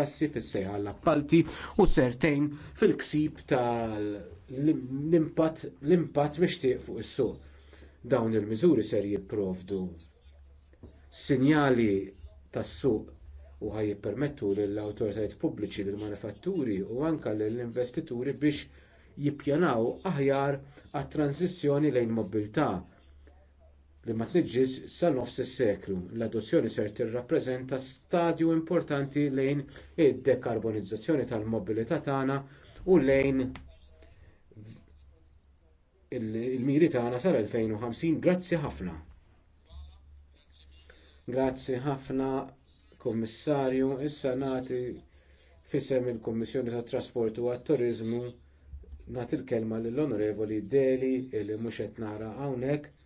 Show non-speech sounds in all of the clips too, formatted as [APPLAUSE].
prassi fis-sejħa l-appalti u sertejn fil-ksib tal-impatt l-impatt mixtieq fuq is-suq. Dawn il-miżuri ser jipprovdu sinjali tas-suq u ħajjippermettu jippermettu lill-awtoritajiet pubbliċi lill-manifatturi u anke lill-investituri biex jippjanaw aħjar għat-transizzjoni lejn mobilità li ma tniġġis sal-nofs is-seklu. L-adozzjoni ser tirrappreżenta stadju importanti lejn id-dekarbonizzazzjoni tal-mobilità tagħna u lejn il-miri tagħna sal-2050. Grazzi ħafna. Grazzi ħafna, Kummissarju, issa nagħti fisem il-Kummissjoni tat-Trasport u għat-Turiżmu nagħti l-kelma lill-Onorevoli Deli illi mhux qed nara hawnhekk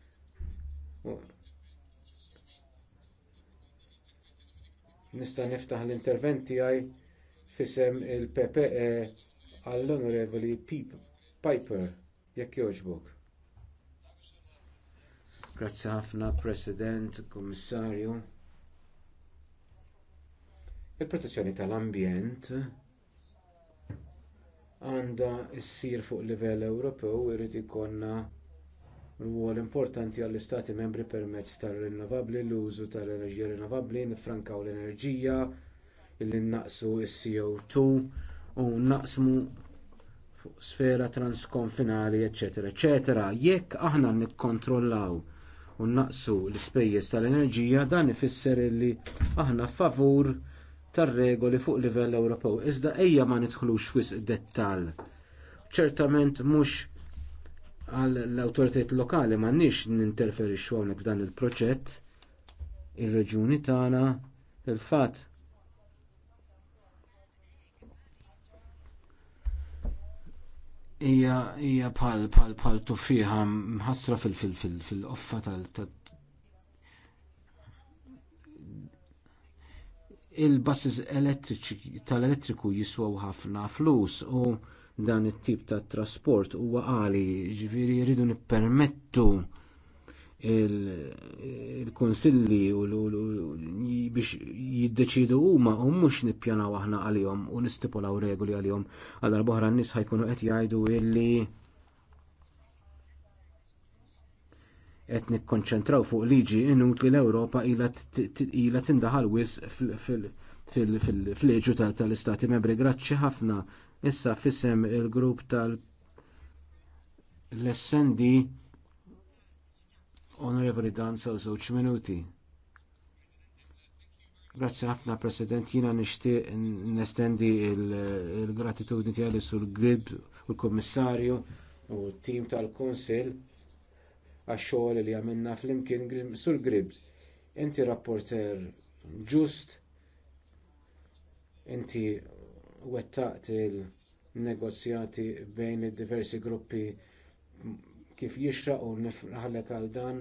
Nista' niftaħ l-intervent tiegħi fisem il-PPE għall-Onorevoli Piper jekk jogħġbok. Grazzi ħafna President, Kommissarju. Il-protezzjoni tal-ambjent għandha ssir fuq livell Ewropew irid ikollna rwol importanti għall-istati membri permezz tar-rinnovabbli l-użu tal-enerġija rinnovabbli nifrankaw l-enerġija illi naqsu s-CO2 u naqsmu fuq sfera transkonfinali eċetera eċetera jekk aħna nikkontrollaw u naqsu l-ispejjeż tal-enerġija dan ifisser illi aħna favur tar-regoli fuq livell Ewropew iżda ejja ma nidħlux fis dettall ċertament mhux għal l-autoritet lokali m'għandniex ninterferixxu hawnhekk f'dan il-proċett ir-reġjuni tagħna il-fatt hija hija bħal bħal tuffiħa mħassra fil-offa tal il elettriċi tal-elettriku jiswaw ħafna flus u dan it-tip ta' trasport huwa għali, ġifieri jridu nippermettu il-konsilli biex jiddeċidu huma u mhux nippjanaw aħna għalihom u nistipulaw regoli għalihom għal boħra n-nies ħajkunu qed jgħidu illi qed nikkonċentraw fuq liġi inutli l-Ewropa ilha tindaħal wisq fil-liġu tal-istati membri. Grazzi ħafna Issa fissem il-grupp tal- l-essendi onorevoli dan sal żewġ minuti. Grazzi ħafna President, jiena nixtieq nestendi l gratitudni tiegħi sul grib u l-Kummissarju u t-tim tal-Kunsill għax-xogħol li għamilna flimkien sul grib. Inti rapporter ġust, inti wettaqt il-negozjati bejn id-diversi gruppi kif jixra u nifraħlek għal dan.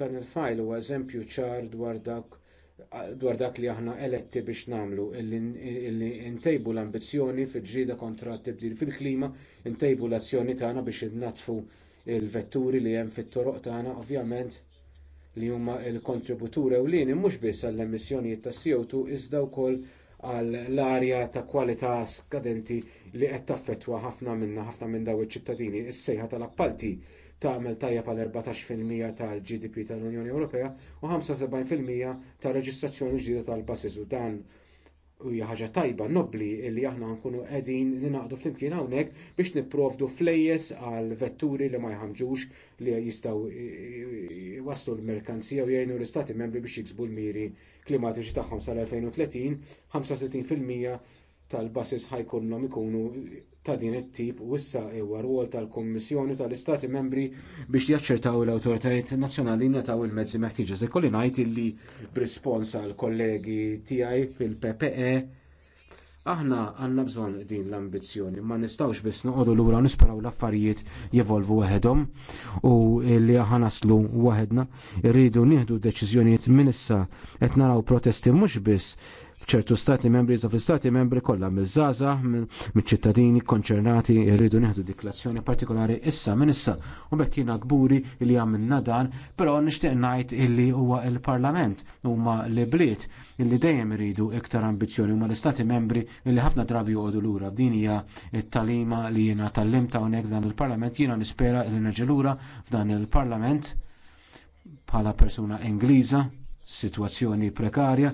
Dan il-fajl huwa eżempju ċar dwar dak dwar dak li aħna eletti biex nagħmlu illi ntejbu l ambizzjoni fil-ġrida kontra t-tibdil fil-klima, ntejbu l-azzjoni tagħna biex innatfu l vetturi li hemm fit-toroq tagħna, ovvjament li huma l kontributur ewlieni mhux biss għall emissjonijiet tas CO2 iżda wkoll għal l-arja ta' kwalità skadenti li qed taffettwa ħafna minna ħafna minn daw iċ-ċittadini. Is-sejħa tal-appalti tagħmel tajjeb għal 14% tal-GDP tal-Unjoni Ewropea u 75% tar-reġistrazzjoni ġdida tal-basis u dan u hija ħaġa tajba nobbli li aħna nkunu qegħdin ninaqdu flimkien hawnhekk biex nipprovdu flejjes għal vetturi li ma jħammġux li jistgħu waslu l-merkanzija u jgħinu l-istati membri biex jiksbu l-miri klimatiċi tagħhom sal-2030 35% tal-basis ħajkunhom ikunu ta' din it-tip u issa huwa rwol tal-Kummissjoni tal-Istati Membri biex jaċċertaw l-awtoritajiet nazzjonali nataw il-mezzi meħtieġa. Se kolli ngħid illi b'rispons għal kollegi tiegħi fil-PPE aħna għandna bżonn din l-ambizzjoni, ma nistgħux biss noqogħdu lura nisperaw l-affarijiet jevolvu waħedhom u li aħna naslu waħedna, irridu nieħdu deċiżjonijiet minn issa qed naraw protesti mhux biss ċertu stati membri iżda fl-stati membri kollha miż-żaża miċ-ċittadini konċernati jridu nieħdu diklazzjoni partikolari issa minn issa u bekkina jiena kburi li għamilna dan, però nixtieq ngħid illi huwa l-Parlament huma li bliet illi dejjem iridu iktar ambizzjoni huma l-istati membri illi ħafna drabi għadu lura. ura hija t-talima li jiena limta hawnhekk dan il-Parlament jiena nispera li nerġa' lura f'dan il-Parlament bħala persuna Ingliża, situazzjoni prekarja,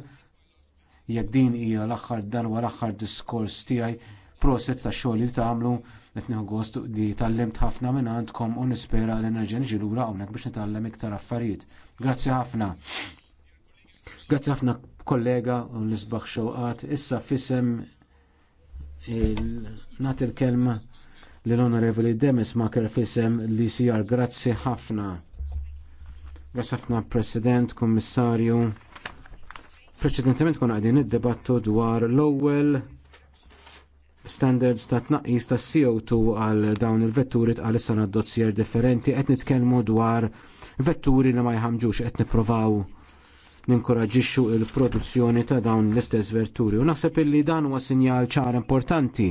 jekk din hija l-aħħar darba l-aħħar diskors tiegħi proset ta' xogħol li tagħmlu qed nieħu gost li tallimt ħafna minn għandkom u nispera li nerġa' niġi lura hawnhekk biex nitgħallem iktar affarijiet. Grazzi ħafna. Grazzi ħafna kollega u nisbaħ xewqat. Issa fisem nagħti il kelma lil onorevoli Demis Maker fisem li sijar grazzi ħafna. Grazzi ħafna President, Kummissarju. Preċedentement kon għadin id-debattu dwar l-ewwel standards ta' tnaqqis ta' CO2 għal dawn il-vetturi tqal issa dossier differenti qed nitkellmu dwar vetturi li ma jħamġux qed nippruvaw ninkoraġixxu l produzzjoni ta' dawn l-istess verturi u naħseb illi dan huwa sinjal ċar importanti.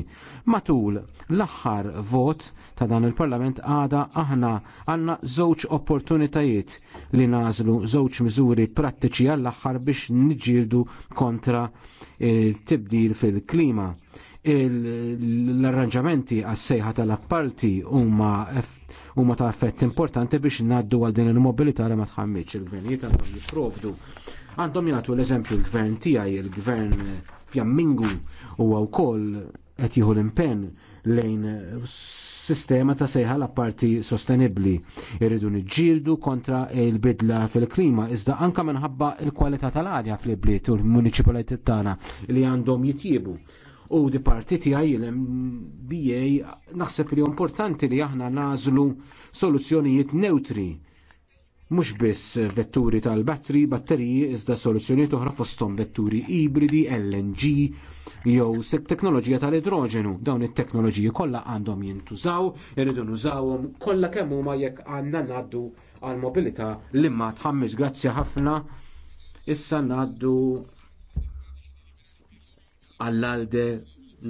Matul l-aħħar vot ta' dan il-Parlament għada aħna għandna żewġ opportunitajiet li nażlu żewġ miżuri prattiċi għall-aħħar biex niġġieldu kontra tibdil fil-klima l-arranġamenti għas-sejħa tal-apparti huma ta' effett importanti biex ngħaddu għal din il-mobilità li ma tħammitx il-gvernijiet għandhom jipprovdu. Għandhom jagħtu l-eżempju l-gvern tiegħi, il-gvern fjammingu huwa wkoll qed jieħu l-impenn lejn sistema ta' sejħa l-apparti sostenibbli. Irridu niġġieldu kontra il-bidla fil-klima, iżda anka minħabba l kwalità tal-arja fl-ibliet u l-municipalitet tagħna li għandhom jitjiebu u di parti tijaj l-MBA naħseb li importanti li aħna nażlu soluzzjonijiet neutri mhux biss vetturi tal-batteri, batteriji iżda soluzzjonijiet oħra fosthom vetturi ibridi, LNG jew teknoloġija tal-idroġenu. Dawn it-teknoloġiji kollha għandhom jintużaw, irridu nużawhom kollha kemm huma jekk għandna ngħaddu għal mobilità li ma tħammis grazzi ħafna. Issa ngħaddu Għall-alde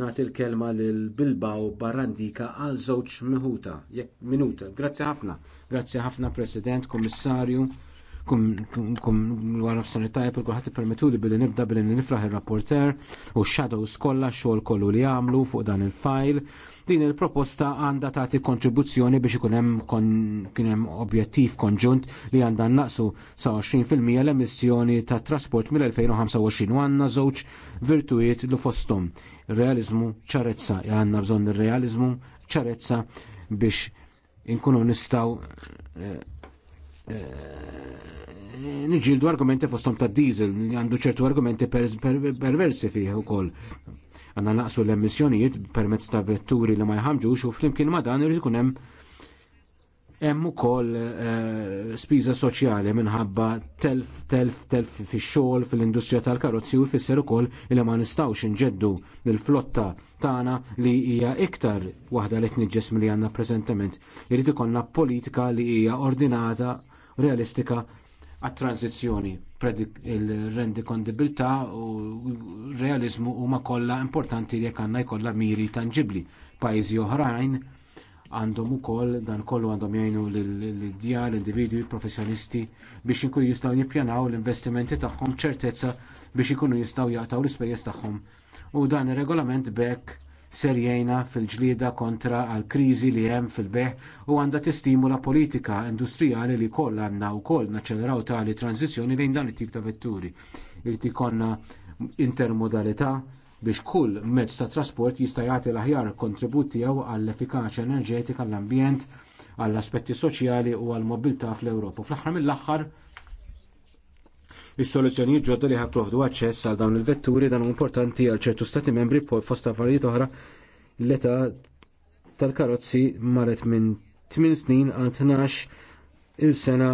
nagħti l kelma lil Bilbao Barandika għal żewġ minuta. Jekk minuta. Grazzi ħafna. Grazzi ħafna President, Kummissarju kum f sanità per kulħadd permettu li billi nibda billi nifraħ ir-rapporter u x-shadows kollha xogħol kollu li għamlu fuq dan il-file. Din il-proposta għandha tagħti kontribuzzjoni biex ikun hemm kien hemm objettiv konġunt li għandha naqsu sa 20% l-emissjoni ta' trasport mill-2025 u għandna żewġ virtujiet li fosthom. Realizmu ċarezza, għandna bżonn ir-realizmu ċarezza biex inkunu nistaw eh, Eh, niġildu argumenti fostom ta' diesel, għandu ċertu argumenti perversi fih ukoll. Għanna naqsu l-emissjonijiet permezz ta' vetturi li ma jħamġu u flimkien ma dan irid ikun hemm hemm ukoll eh, spiża soċjali minħabba telf telf telf fix-xogħol fil-industrija tal-karozzi u jfisser ukoll li ma nistgħux inġeddu l-flotta tagħna li hija iktar waħda li tniġġes milli għandna preżentament. Irid ikollna politika li hija ordinata realistika għat transizzjoni il rendikondibbiltà u realizmu huma kollha importanti li għandna jkollha miri tangibbli. Pajjiżi oħrajn għandhom ukoll dan kollu għandhom jgħinu lill djar l-individwi, professjonisti biex inkunu jistgħu jippjanaw l-investimenti tagħhom ċertezza biex ikunu jistgħu jaqtaw l-ispejjeż tagħhom. U dan ir-regolament bekk ser fil-ġlieda kontra għal kriżi li hemm fil-beħ u għandha tistimula politika industrijali li kollha għandna wkoll naċċeleraw tali tranzizzjoni lejn dan it-tip ta' vetturi. Irid ikollna intermodalità biex kull mezz ta' trasport jista' jagħti l-aħjar kontribut tiegħu għall-efikaċja enerġetika għall-ambjent, għall-aspetti soċjali u għall-mobilità fl-Ewropa. Fl-aħħar mill-aħħar Is-soluzzjonijiet ġodda li ħapprovdu aċċess għal dawn il-vetturi dan importanti għal ċertu stati membri fost affarijiet oħra l-età tal-karozzi marret minn 8 snin għal 12 il-sena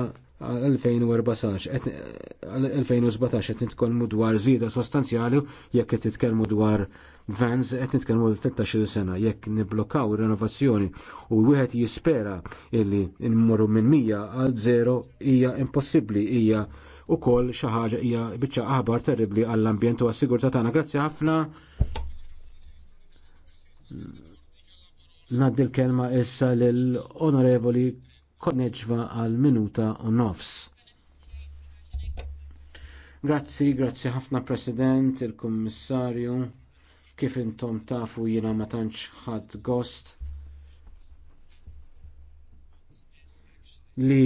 2014-2017 qed nitkellmu dwar żieda sostanzjali jekk qed titkellmu dwar vans qed nitkellmu 13-il sena jekk niblokaw ir-renovazzjoni u wieħed jispera illi nmorru minn 100 għal 0 hija impossibbli hija u xi ħaġa hija biċċa aħbar terribbli għall-ambjent u għas-sigurtà tagħna. Grazzi ħafna. Naddi l-kelma issa lill-Onorevoli Konneġva għal minuta u nofs. Grazzi, grazzi ħafna President, il-Kummissarju, kif intom tafu jiena ma tantx ħadd gost li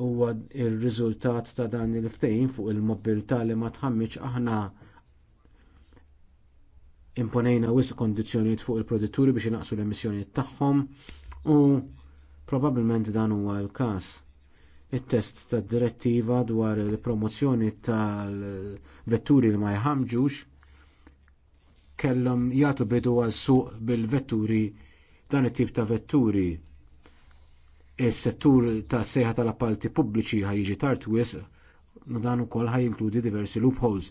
huwa r-riżultat ta' dan il-ftehim fuq il-mobilità li ma tħammiġ aħna imponejna wisq kondizzjonijiet fuq il-produtturi biex inaqsu l-emissjonijiet tagħhom u probabbilment dan huwa l-każ. It-test tad-direttiva dwar il-promozzjoni tal-vetturi li ma jħamġux kellhom jagħtu bidu għal suq bil-vetturi dan it-tip ta' vetturi is-settur tas sejħa tal-appalti pubbliċi ħajġi tard wisq u dan ukoll ħajinkludi diversi loopholes.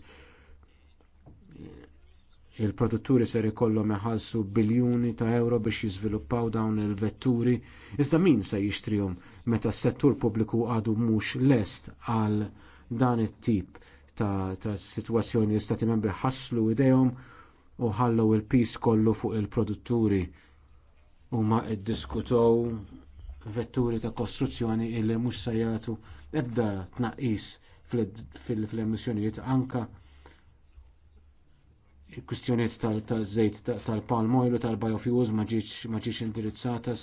Il-produtturi ser ikollhom iħallsu biljuni ta' euro biex jiżviluppaw dawn il-vetturi, iżda min se jixtrihom meta s-settur pubbliku għadu mhux lest għal dan it-tip ta', ta sitwazzjoni li stati membri ħasslu idejhom u ħallew il-pis kollu fuq il-produtturi huma ddiskutaw vetturi ta' kostruzzjoni illi mhux se jagħtu ebda tnaqqis fil-emissjonijiet anke il-kwistjoniet tal-żejt tal-palm oil u tal-biofuels ma ġietx indirizzata,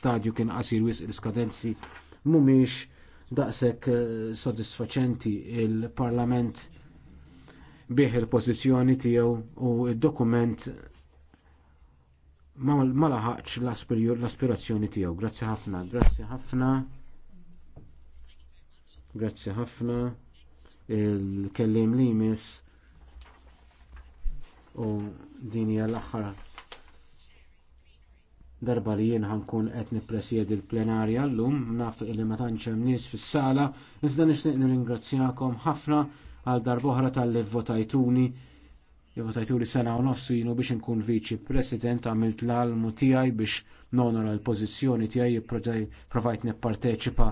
stadju kien qasir wisq l-iskadenzi mhumiex daqshekk eh, sodisfaċenti il-Parlament bih il-pożizzjoni tiegħu u d dokument ma laħaqx l-aspirazzjoni tiegħu. Grazzi ħafna, grazzi ħafna. Grazzi ħafna. Il-kellim li jmiss u din hija l-aħħar darba li jien ħankun qed nippresjedi l-plenarja llum naf li ma tantx hemm nies fis-sala, iżda nixtieq nirringrazzjakom ħafna għal oħra tal-li votajtuni jew tajturi sena u nofsu jienu biex inkun viċi president għamilt l-almu tiegħi biex nonora l-pożizzjoni tiegħi provajt nipparteċipa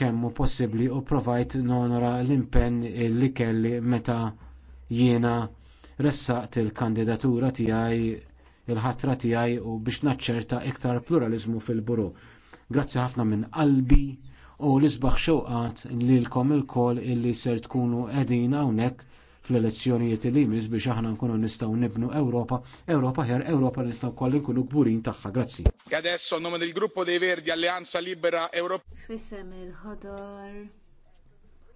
kemm hu possibbli u provajt nonora l-impenn li kelli meta jiena ressaqt il-kandidatura tiegħi il-ħatra tiegħi u biex naċċerta iktar pluraliżmu fil-buru. Grazzi ħafna minn qalbi u l-isbaħ xewqat lilkom ilkoll illi ser tkunu qegħdin hawnhekk fl-elezzjonijiet li jmiss biex aħna nkunu nistgħu nibnu Ewropa, Ewropa ħer Ewropa li nistgħu kolli nkunu gburin tagħha. Grazzi. E adesso nome del gruppo dei Verdi Alleanza Libera Europa. Fissem il-ħodor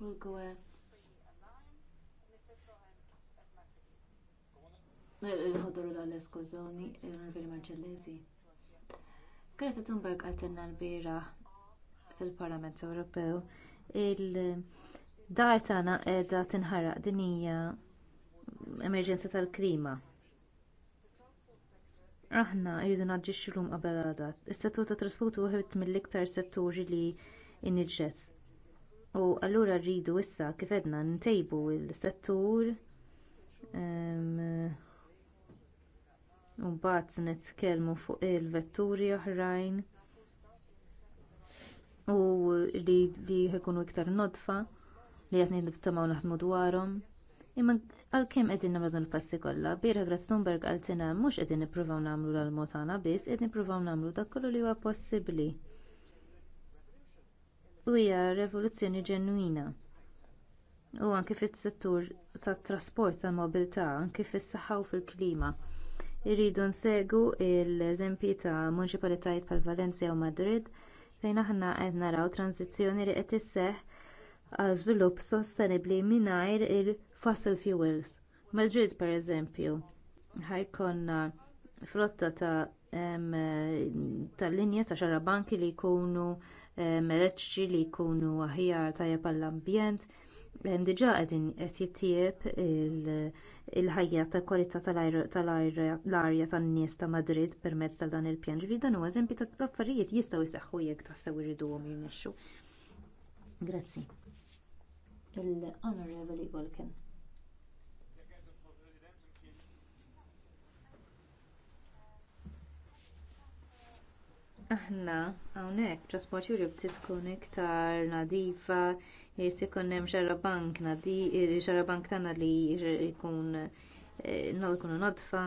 u gwe. Il-ħodor u l-Alesco Zoni, il-Riveri Marcellesi. Greta Thunberg għaltenna l-bira fil-Parlament Ewropew il- dar tagħna qiegħda tinħaraq din hija emerġenza tal-klima aħna rridu naġġixxu llum qabel għada is-settur tat-trasport huwa wieħed mill-iktar setturi li nniġġes u allura rridu issa kif għedna ntejbu l-settur ehm, u mbagħad nitkellmu fuq il-vetturi oħrajn u li jkunu iktar nodfa li qed niftamaw naħdmu dwarom. Imma għalkemm qegħdin nagħmlu dan il-passi kollha, Birra Grazz Thunberg għaltina mhux qegħdin nippruvaw nagħmlu l motana tagħna biss, niprufaw namlu nagħmlu kollu li huwa possibbli. U hija revoluzzjoni ġenwina. U anke fis-settur tat-trasport tal-mobilità, anke fis-saħħa u fil-klima irridu nsegu l-eżempji ta' munċipalitajiet pal Valencia u Madrid fejn aħna qed naraw transizzjoni li qed isseħħ għal żvilupp sostenibbli mingħajr il-fossil fuels. Madrid pereżempju ħajkonna flotta ta' tal-linja ta' xarabanki li jkunu meleċċi li jkunu aħjar tajjeb għall-ambjent. Diġà qegħdin qed jittieb il-ħajja ta' kwalità tal-arja tan-nies ta' Madrid permezz ta' dan il-pjan. Ġifieri dan huwa eżempju ta' affarijiet jistgħu jseħħu jekk taħsew irriduhom jirnexxu. Grazzi l-Honorable Volken. Aħna hawnhekk trasport ftit tkun iktar nadifa, irid ikun hemm xarabank nadi, xarabank tagħna li jkun eh, nkunu nodfa.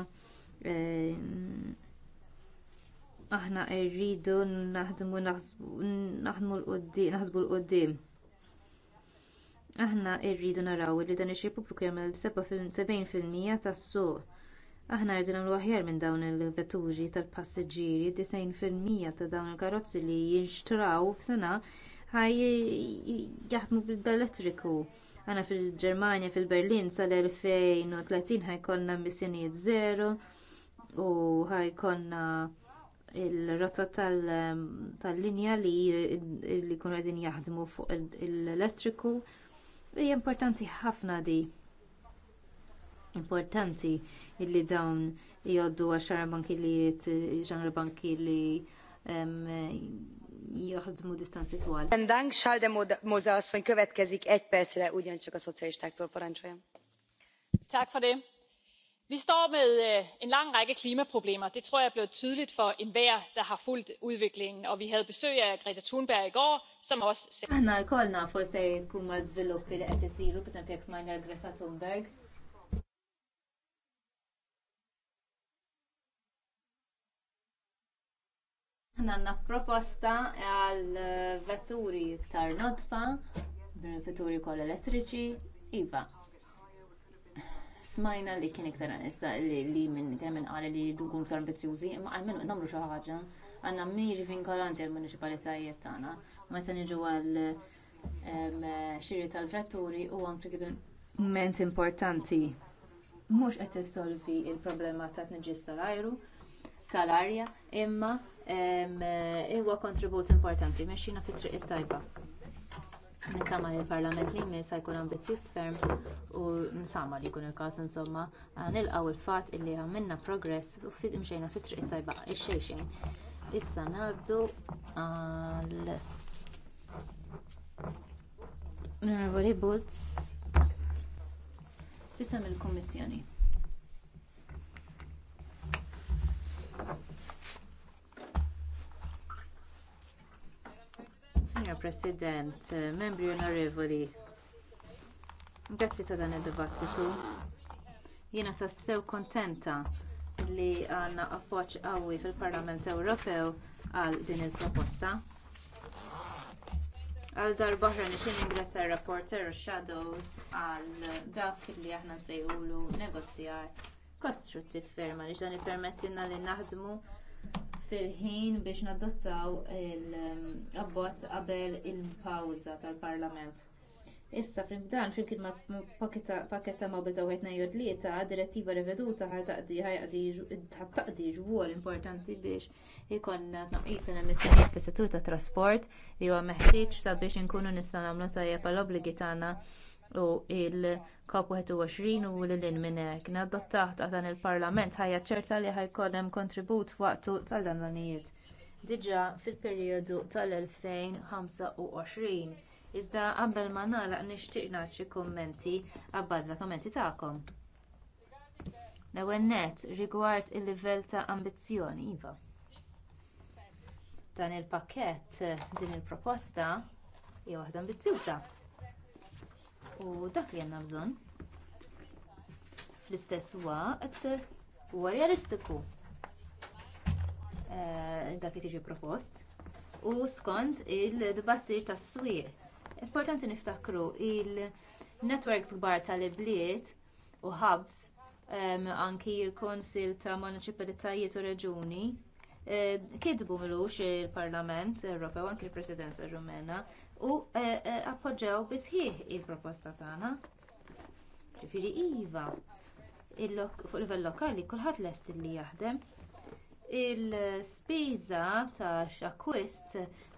Eh, aħna rridu naħdmu naħsbu l-qudiem, naħsbu l-qudiem Aħna rridu naraw li dan ix-xejn pubbliku jagħmel 70% tas-suq. Aħna rridu nagħmlu aħjar minn dawn il-vetturi tal-passiġġieri, 90% ta' dawn il-karozzi li jinxtraw f'sena ħaj jaħdmu bil-elettriku. Aħna fil-Ġermanja, fil-Berlin sal-2030 ħajkollna emissjonijiet żero u ħajkonna il rotot tal-linja li jkunu qegħdin jaħdmu fuq l-elettriku. il Hija importanti ħafna di. Importanti illi dawn jgħoddu għaxar banki li ġanra banki li jaħdmu distanzi twal. Ndank xalde muża asszony következik egy percre ugyancsak a szocialistáktól parancsolja. Tak for det vi står med øh, en lang række klimaproblemer det tror jeg er blevet tydeligt for enhver der har fulgt udviklingen og vi havde besøg af greta thunberg i går som også Aħna lkoll nafu jkun ma' żviluppi li qed isiru jekk smajna Greta Thunberg. Aħna għandna proposta għal eh, vetturi iktar notfa, vetturi kol elettriċi, iva, smajna li kien iktar issa li minn kien minn qari li jkunu iktar ambizjużi, imma għalmenu nagħmlu xi ħaġa għandna miri vinkolanti għal municipalitajiet tagħna. Meta niġu għal xiri tal-vetturi huwa ment importanti. Mhux qed issolvi l problema ta' tniġis tal-ajru, tal-arja, imma huwa kontribut importanti mexxina fit-triq it-tajba nittama li l-parlament li jmiss jkun ambizzjuż ferm u nsama li jkun il-każ insomma ah, nilqgħu l-fatt illi għamilna progress u imxejna fit-triq tajba ix-xejxejn. Issa ngħaddu għal Onorevoli Boots, il-Kommissjoni. President, eh, membri onorevoli. Grazzi ta' dan id-dibattitu. Jiena tassew kuntenta li għandna appoġġ qawwi fil-Parlament Ewropew għal din il-proposta. Għal darbaħra nixin ingressa il-rapporter u shadows għal dak li aħna nsejħulu negozjar kostruttiv ferma li ġdan permettina li naħdmu fil-ħin biex nadottaw l-abbozz qabel il-pawża tal-Parlament. Issa fil-dan fil-kien ma' paketta ma' beta' għetna jodlieta, direttiva reveduta ħattaqdi ġwol importanti biex ikonna tnaqqis l-emissjoniet fis settur tat trasport li huwa meħtieġ sabiex inkunu nistgħu nagħmlu tajjeb għall obbligi tagħna u il-COP21 u l-lin minnek. Naddottaħ ta' dan il-Parlament ħajja ċerta li ħajkol kontribut waqtu tal dannanijiet Diġà fil-perjodu tal-2025. Iżda qabel ma nagħlaq nixtieq nagħti xi kummenti abbażi ta' kummenti tagħkom. L-ewwel nett rigward il-livell ta' ambizzjoni iva. Dan il-pakkett din il-proposta hija waħda ambizzjuża u dak li għandna bżonn. Fl-istess waqt huwa realistiku eh, dak li tiġi propost u skont il dbassir tas-swieq. Importanti niftakru il-networks kbar tal-ibliet u hubs anki l-Konsil ta' Municipalitajiet u Reġuni Eh, kidbu milux il-Parlament Ewropew anki l-Presidenza Rumena u eh, eh, appoġġew bisħieħ il-proposta tagħna. Ġifieri iva fuq livell lokali kulħadd lest li jaħdem il-spiża tax akkwist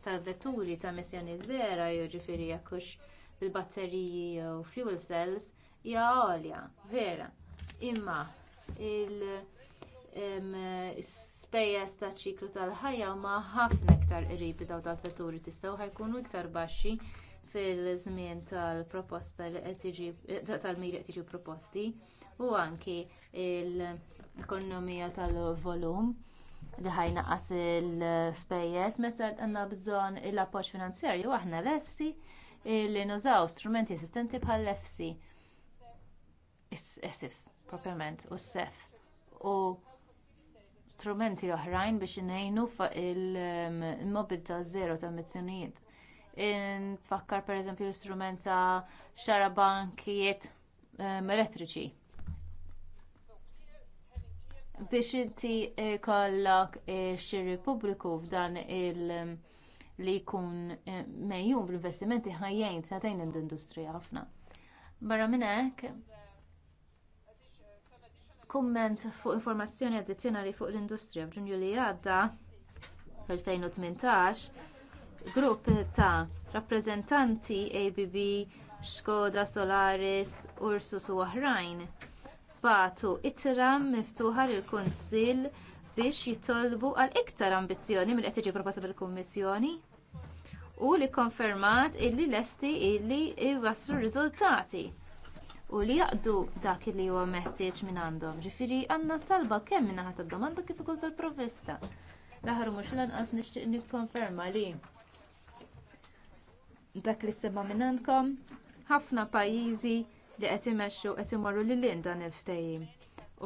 ta' vetturi ta' missjoni żera jiġifieri jekk bil-batteriji jew fuel cells hija għolja, vera. Imma il- Spejjeż taċ-ċiklu tal-ħajja huma ħafna iktar qrib dawn tal-vetturi tistgħu jkunu iktar baxxi fil-żmien tal-proposta li qed tiġi eh, tal-miri qed tiġi proposti u anki l-ekonomija tal-volum li ħajnaqqas il-spejjeż meta għandna bżonn l-appoġġ finanzjarju aħna lesti li nużaw strumenti esistenti bħal efsi esif proprjament u s-sef u strumenti oħrajn biex inejnu il-mobilità żero ta' mizzjonijiet. Infakkar pereżempju l-istrument ta' xarabankijiet ehm, elettriċi. Biex inti jkollok eh, eh, xirri pubbliku f'dan il- li jkun eh, mejjum bl-investimenti ta' tajn l-industrija ħafna. Barra minn hekk, kumment fuq informazzjoni addizzjonali fuq l-industrija f'Ġunju li għadda fl-2018, grupp ta' rappreżentanti ABB, Skoda, Solaris, Ursus u oħrajn bagħtu ittra miftuħa lill-Kunsill biex jitolbu għal iktar ambizzjoni mill qed tiġi proposta mill-Kummissjoni u li kkonfermat illi lesti illi jwasslu r riżultati u li jaqdu dak li huwa meħtieġ minn għandhom. Ġifieri għandna talba kemm minn ħadd domanda kif ukoll tal-provvista. L-aħħar mhux lanqas nixtieq nikkonferma li dak li sema minn għandkom ħafna pajjiżi li qed imexxu qed imorru lil dan il-ftehim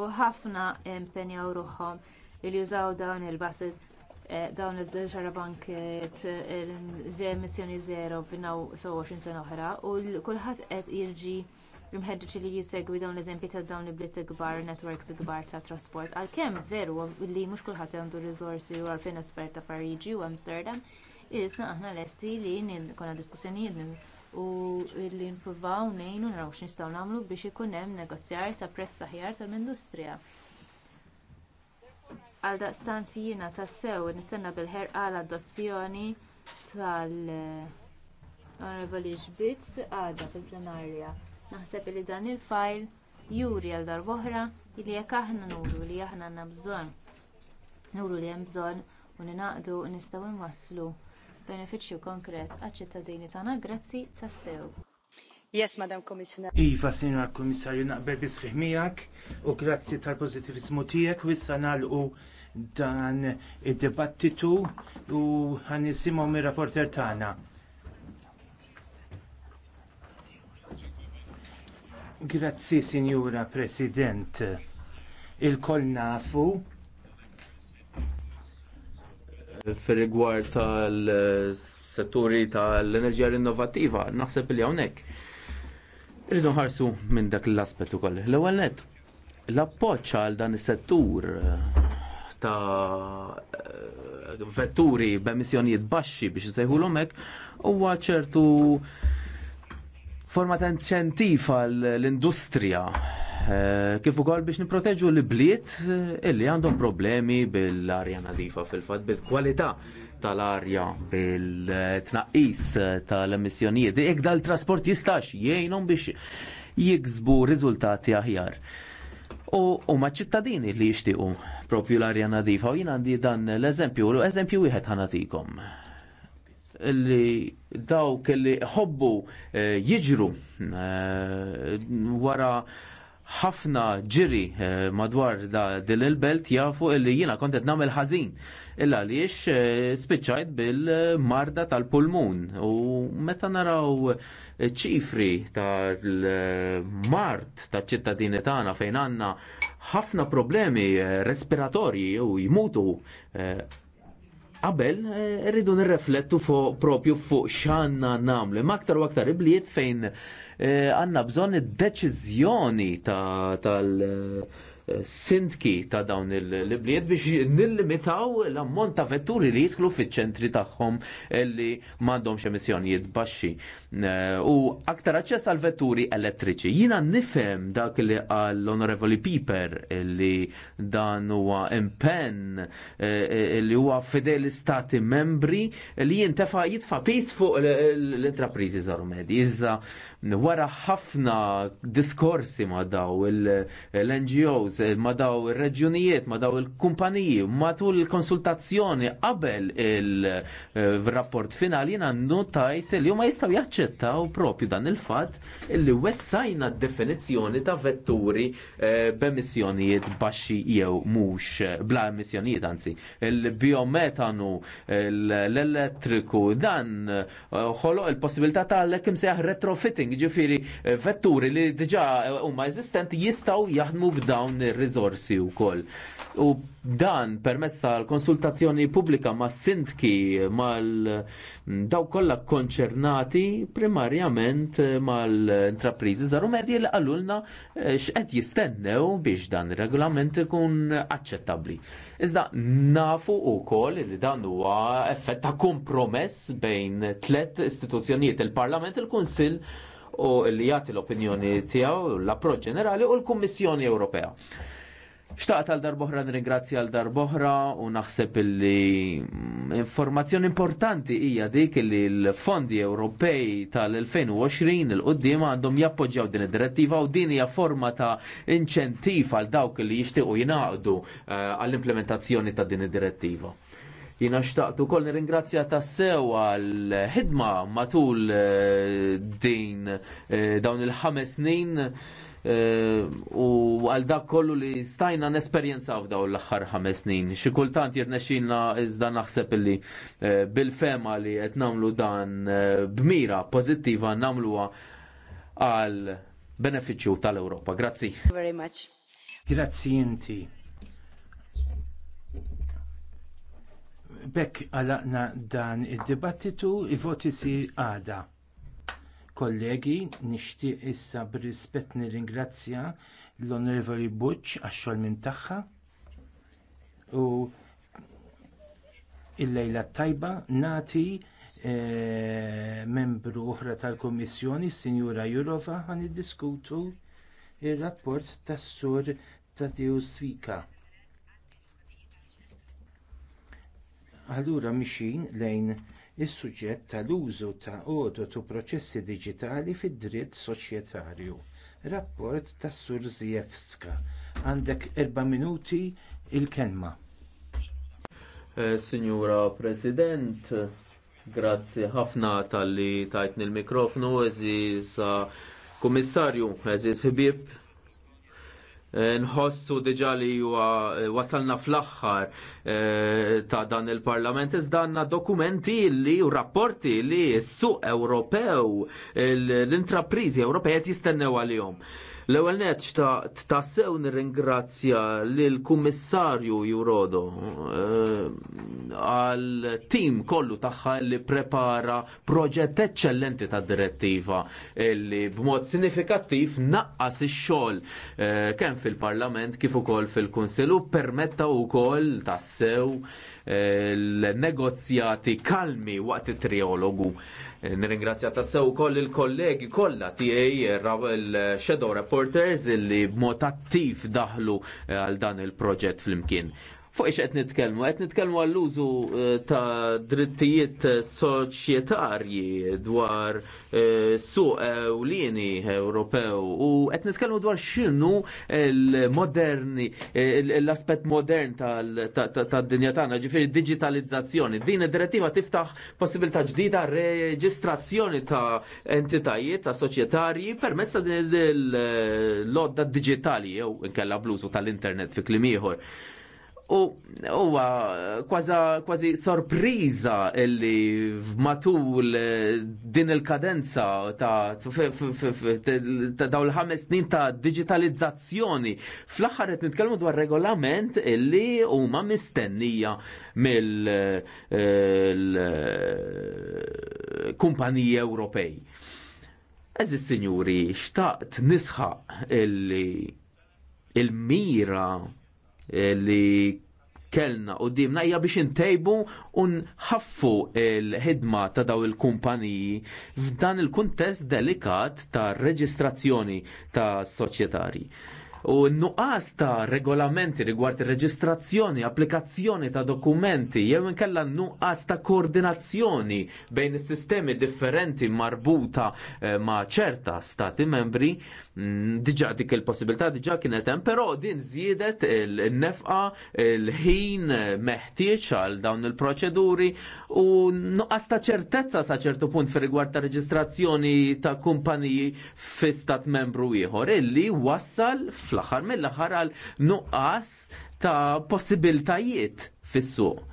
u ħafna impenjaw ruħhom li jużaw dawn il basit eh, dawn il-ġara banket eh, ze missjoni zero b'naw 20 sena oħra u kulħadd qed jirġi mħedġiċ li jisegwi dawn l-eżempji ta' dawn il-bliet kbar, networks kbar ta' trasport. Għalkemm veru li mhux kulħadd għandu riżorsi u għalfejn espert ta' Pariġi u Amsterdam, issa aħna lesti li konna diskussjonijiet u li nipruvaw ngħinu naraw x'nistgħu nagħmlu biex ikun hemm negozjar ta' prezz aħjar tal-industrija għaldaqstant jiena tassew nistenna bil-ħerqa l-adozzjoni tal-onorevoli għadha fil-plenarja Naħseb li dan il-fajl juri għal darbohra li jekk aħna nuru li aħna għandna bżonn. Nuru li hemm bżonn u ninaqdu nistgħu nwasslu benefiċċju konkret għaċ-ċittadini tagħna grazzi tas Yes, Madam Commissioner. Iva, Sinjor Komissarju, naqbel bisħiħ miegħek u grazzi tal-pożittivizmu tiegħek u issa nagħlqu dan id-dibattitu u ħanisimhom mir rapporter tagħna. Grazzi, Sinjura President. Il-koll nafu fil-rigward tal-setturi tal-enerġija rinnovattiva, naħseb li hawnhekk. Irridu ħarsu minn dak l-aspett ukoll. L-ewwel nett, l-appoġġ għal dan is-settur ta' vetturi b'emissjonijiet baxxi biex isejħulhom hekk huwa ċertu forma ta' incentiva għall-industrija eh, kif ukoll biex nipproteġu l-bliet eh, illi għandhom problemi bil-arja nadifa fil-fatt bil-kwalità tal-arja bil-tnaqqis eh, tal-emissjonijiet. Jekk dal-trasport jistax jgħinhom biex jiksbu riżultati aħjar. U ma ċittadini li jixtiequ propju l-arja nadifa u jien għandi dan l-eżempju, l-eżempju wieħed ħanatikom li dawk li ħobbu eh, jiġru eh, wara ħafna ġiri eh, madwar da dil il-belt jafu li jina kontet namel ħażin. Illa li jiex spiċċajt bil-marda tal-pulmun. U meta naraw ċifri tal-mart tal-ċittadini tagħna fejn għandna ħafna problemi respiratorji u jmutu qabel eh, rridu nirreflettu fuq propju fuq x'għandna nagħmlu. Ma aktar u aktar ibliet fejn eh, għandna bżonn id-deċiżjoni tal sindki ta' dawn il-bliet biex nillimitaw l-ammont ta' vetturi li jidħlu fiċ-ċentri tagħhom li m'għandhomx emissjonijiet baxxi. Eh, u aktar aċċess tal vetturi elettriċi. Jiena nifhem dak li għall l-Onorevoli Piper li dan huwa impenn eh, li huwa fidel stati membri li jintefa jitfa pis fuq l-intrapriżi żaru Iżda wara ħafna diskorsi ma daw l-NGOs, ma daw il reġunijiet ma daw il-kumpaniji, matul il-konsultazzjoni qabel il-rapport finali jina notajt li ma jistgħu jaċċettaw propju dan il-fatt li wessajna d-definizzjoni ta' vetturi eh, b'emissjonijiet baxxi jew mhux bla emissjonijiet anzi. Il-biometanu, l-elettriku, dan eh, ħoloq il-possibilità tal-kim jaħ retrofitting crowdsourcing, ġifiri eh, vetturi li diġa eh, huma eżistenti jistaw jaħdmu b'dawn ir u wkoll. U dan permessa tal-konsultazzjoni pubblika ma' sindki mal mm, daw kollha konċernati primarjament eh, mal-intrapriżi zaru medji li għallulna x'qed jistennew biex dan ir-regolament ikun aċċettabbli. Iżda nafu wkoll li dan huwa effett ta' kompromess bejn tliet istituzzjonijiet il-Parlament, il-Kunsill u li jagħti l-opinjoni tiegħu l-approċċ ġenerali u l-Kummissjoni Ewropea. Xtaqt għal darboħra nirringrazzja għal darboħra u naħseb li informazzjoni importanti hija dik li l-fondi Ewropej tal-2020 il-qoddim għandhom jappoġġjaw din id-direttiva u din hija forma ta' inċentiv għal dawk li jixtiequ jingħaqdu eh, għall-implementazzjoni ta' din id-direttiva. Jina xtaqtu kol nir-ingrazzja tassew għal-ħidma matul eh, din eh, dawn il-ħames snin eh, u għal dak kollu li stajna nesperjenzaw f'daw l-axħar ħames snin. Xi kultant jirnexxilna iżda naħseb li bil-fema li qed nagħmlu dan b'mira pożittiva nagħmluha għal benefiċċju tal-Ewropa. Grazzi. Very much. Grazzi inti. Bekk għalaqna dan id-dibattitu, i-voti sir għada. Kollegi, nixtieq issa b'rispett nirringrazzja l-Onorevoli Butch għax-xogħol minn tagħha u il-lejla tajba nati e, membru oħra tal-Komissjoni, Sinjura Jurova, għan diskutu r rapport tas-sur Tadeusz Fika. allura mixin lejn is-suġġett tal-użu ta' għodot u proċessi diġitali fid-dritt soċjetarju. Rapport tas Sur Zjewska. Għandek erba' minuti l kelma eh, Signora President, grazzi ħafna tal-li tajtni l-mikrofonu, eżiz eh, kummissarju, eżiz ħbib, Eh, nħossu diġa li eh, wasalna fl-axħar eh, ta' dan il-parlament izdanna dokumenti li u rapporti li s-suq Ewropew l-intraprizi Ewropej jistennew għal-jom. L-ewwel net xtaqt tassew nirringrazzja lil kummissarju Jurodo eh, għal tim kollu tagħha li prepara proġett eċċellenti tad direttiva li b'mod sinifikattiv naqqas ix-xogħol eh, kemm fil-Parlament kif ukoll fil-Kunsill u permetta wkoll tassew l-negozjati kalmi waqt it-triologu. Eh, nirringrazzja ta' sew koll il-kollegi kollha tiegħi eh, il-Shadow Reporters illi b'mod attiv daħlu eh, għal dan il-proġett flimkien fuq ix qed nitkellmu, qed nitkellmu għall-użu eh, ta' drittijiet eh, soċjetarji dwar eh, suq ewlieni Ewropew u qed nitkellmu dwar x'inhu l-moderni l-aspett modern tad-dinja tagħna, ġifieri digitalizzazzjoni. Din id-direttiva tiftaħ possibilità ġdida reġistrazzjoni ta' entitajiet ta' soċjetarji permezz ta' din il-lodda digitali jew inkella bluzu tal-internet fi klim ieħor. U huwa kważi sorpriża illi matul eh, din il-kadenza ta' daw l-ħames snin ta' digitalizzazzjoni. Fl-aħħar qed nitkellmu dwar regolament illi huma mistennija mill eh, kumpaniji Ewropej. Eżis sinjuri, xtaqt nisħaq illi il-mira Eh, li kellna u dimna hija biex intejbu u nħaffu l-ħidma ta' daw il-kumpaniji f'dan il-kuntest delikat ta' reġistrazzjoni ta' soċjetari. U nuqqas ta' regolamenti rigward reġistrazzjoni, applikazzjoni ta' dokumenti, jew inkella nuqqas ta' koordinazzjoni bejn is-sistemi differenti marbuta eh, ma' ċerta stati membri, Mm, diġa dik il-possibilità diġa kienet hemm, però din żiedet il-nefqa il-ħin meħtieġ għal dawn il-proċeduri u nuqqas ta' ċertezza sa' ċertu punt fir rigward ta' reġistrazzjoni ta' kumpaniji fi stat membru ieħor illi wassal fl-aħħar mill-aħħar għal nuqqas ta' possibiltajiet fis-suq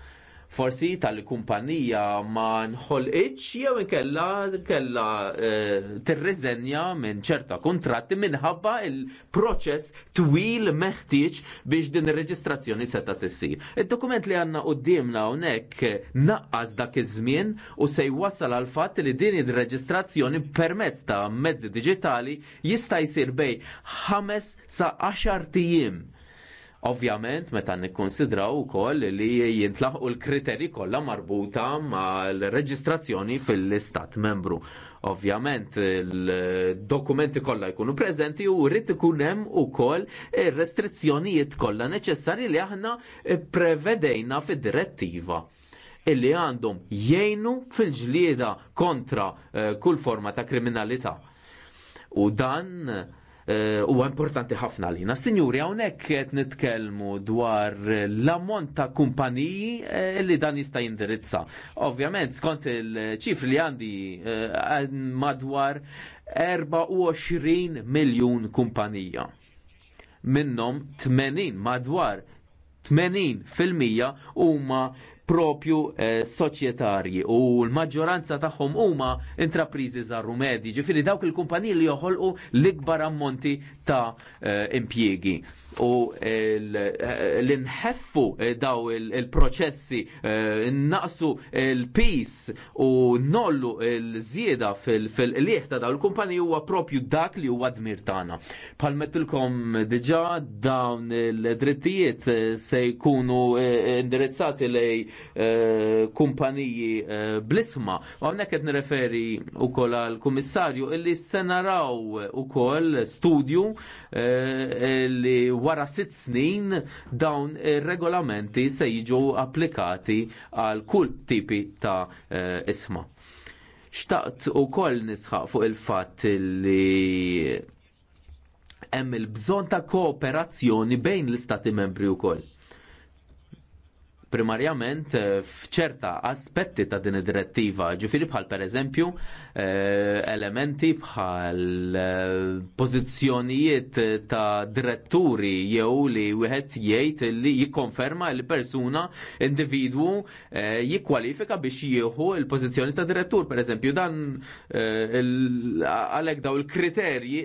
forsi tal-kumpanija ma nħolqitx jew inkella kella eh, tirreżenja minn ċerta kontratti minħabba il-proċess twil meħtieġ biex din ir-reġistrazzjoni seta tissir. Id-dokument li għandna qudiemna hawnhekk naqqas dak iż-żmien u se jwassal għal fatt li din ir-reġistrazzjoni permezz ta' mezzi diġitali jista' jsir bej 5 sa 10 tim. Ovvjament, meta nikkonsidraw ukoll li jintlaħqu l-kriteri kollha marbuta mal reġistrazzjoni fil-istat membru. Ovvjament, il-dokumenti kollha jkunu preżenti u rrid ikun hemm ukoll restrizzjonijiet kollha neċessarji li aħna prevedejna fid-direttiva illi għandhom jgħinu fil-ġlieda kontra eh, kull forma ta' kriminalità. U dan Eh, huwa importanti ħafna lina. Sinjuri, hawnhekk qed nitkellmu dwar l-ammont ta' kumpaniji eh, li dan jista' jindirizza. Ovvjament, skont il-ċifri li għandi eh, madwar 24 miljun kumpanija. Minnom 80 madwar 80% huma propju eh, soċjetarji u l-maġġoranza tagħhom huma intrapriżi żarru medji, ġifieri dawk il-kumpaniji li joħolqu l-ikbar ammonti ta' eh, impjiegi u l-inħeffu eh, daw il-proċessi, eh, naqsu il-pis u nollu l-żieda fil-lieħ ta' daw il-kumpani huwa propju dak li huwa dmir tagħna. Palmetilkom diġà dawn il-drittijiet eh, se jkunu indirizzati lej kumpaniji blisma. Għonek qed nireferi kol għal-Kummissarju illi senaraw naraw ukoll studju li wara sitt snin dawn ir-regolamenti se jiġu applikati għal kull tipi ta' eh, isma. Xtaqt u koll nisħaq fuq il-fatt li hemm il bżon ta' kooperazzjoni bejn l-istati membri wkoll primarjament eh, f'ċerta aspetti ta' din id-direttiva, ġifiri bħal per eżempju eh, elementi bħal eh, pożizzjonijiet ta' diretturi jew li wieħed jgħid li jikkonferma li persuna individwu jikkwalifika biex jieħu il-pożizzjoni ta' direttur, per eżempju dan għalhekk daw il-kriterji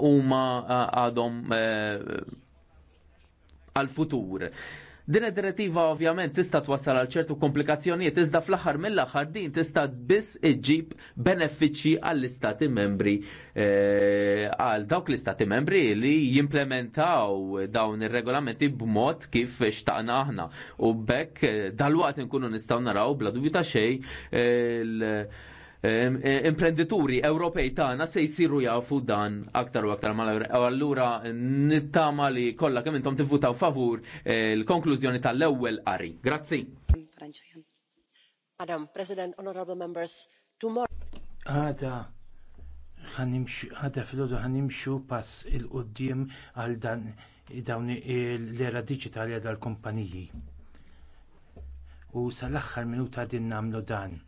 huma għadhom għal-futur. Uh, Din id-direttiva ovvjament tista' twassal għal ċertu komplikazzjonijiet iżda fl-aħħar mill-aħħar din tista' biss iġib benefiċċji għall-istati membri eh, għal dawk l-istati membri li jimplementaw dawn ir-regolamenti b'mod kif xtaqna aħna u bekk eh, dalwaqt inkunu nistgħu naraw bla dubju ta' xejn eh, E, imprendituri Ewropej tagħna se jsiru jafu dan aktar u aktar mal allura nittama li kollha kemm intom tivvutaw favur e, l-konklużjoni tal-ewwel qari. Grazzi. Madam President, Honorable Members, tomorrow. Ada, ħanimxu, fil ħanimxu pass il-qoddim għal dan dawn l-era digitali għal kumpaniji. U sal-axħar minuta din namlu dan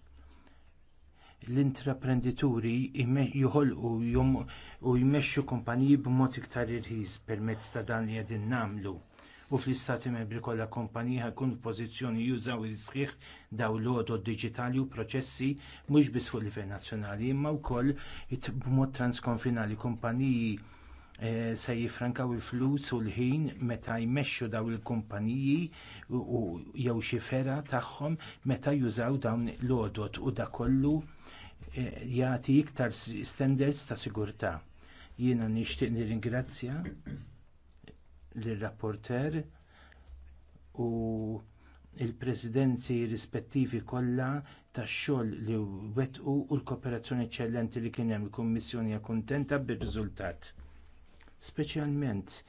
l-intraprenditori joħolqu u jmexxu kumpaniji b'mod iktar irħis permezz ta' dan li qegħdin nagħmlu u fl-istati membri kollha kumpaniji ħajkun f'pożizzjoni jużaw is-sħiħ dawn l-għodod diġitali u proċessi mhux biss fuq livell nazzjonali imma wkoll b'mod transkonfinali kumpaniji eh, se jifrankaw il-flus u l-ħin meta jmexxu dawn il-kumpaniji jew xi fera tagħhom meta jużaw dawn l-għodot u da kollu jagħti iktar standards ta' sigurtà. Jiena nixtieq nirringrazzja lir-rapporter u l presidenzi rispettivi kollha tax-xogħol li wettqu u l-kooperazzjoni eċċellenti li kien hemm il-Kummissjoni kuntenta bir-riżultat. Speċjalment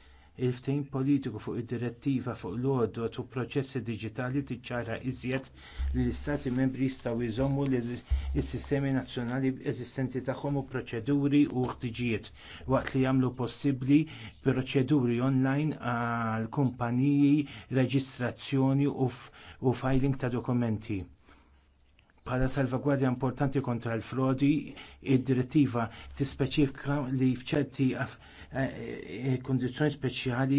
il-ftehim politiku fuq id-direttiva fuq l-għodot u proċessi diġitali tiċċara iżjed li l-istati membri jistgħu jżommu l-sistemi nazzjonali eżistenti tagħhom u proċeduri u ħtiġijiet waqt li jagħmlu possibbli proċeduri online għal kumpaniji, reġistrazzjoni u filing ta' dokumenti bħala salvagwardja importanti kontra l-frodi, id-direttiva tispeċifika li f'ċerti Eh, kundizzjoni speċjali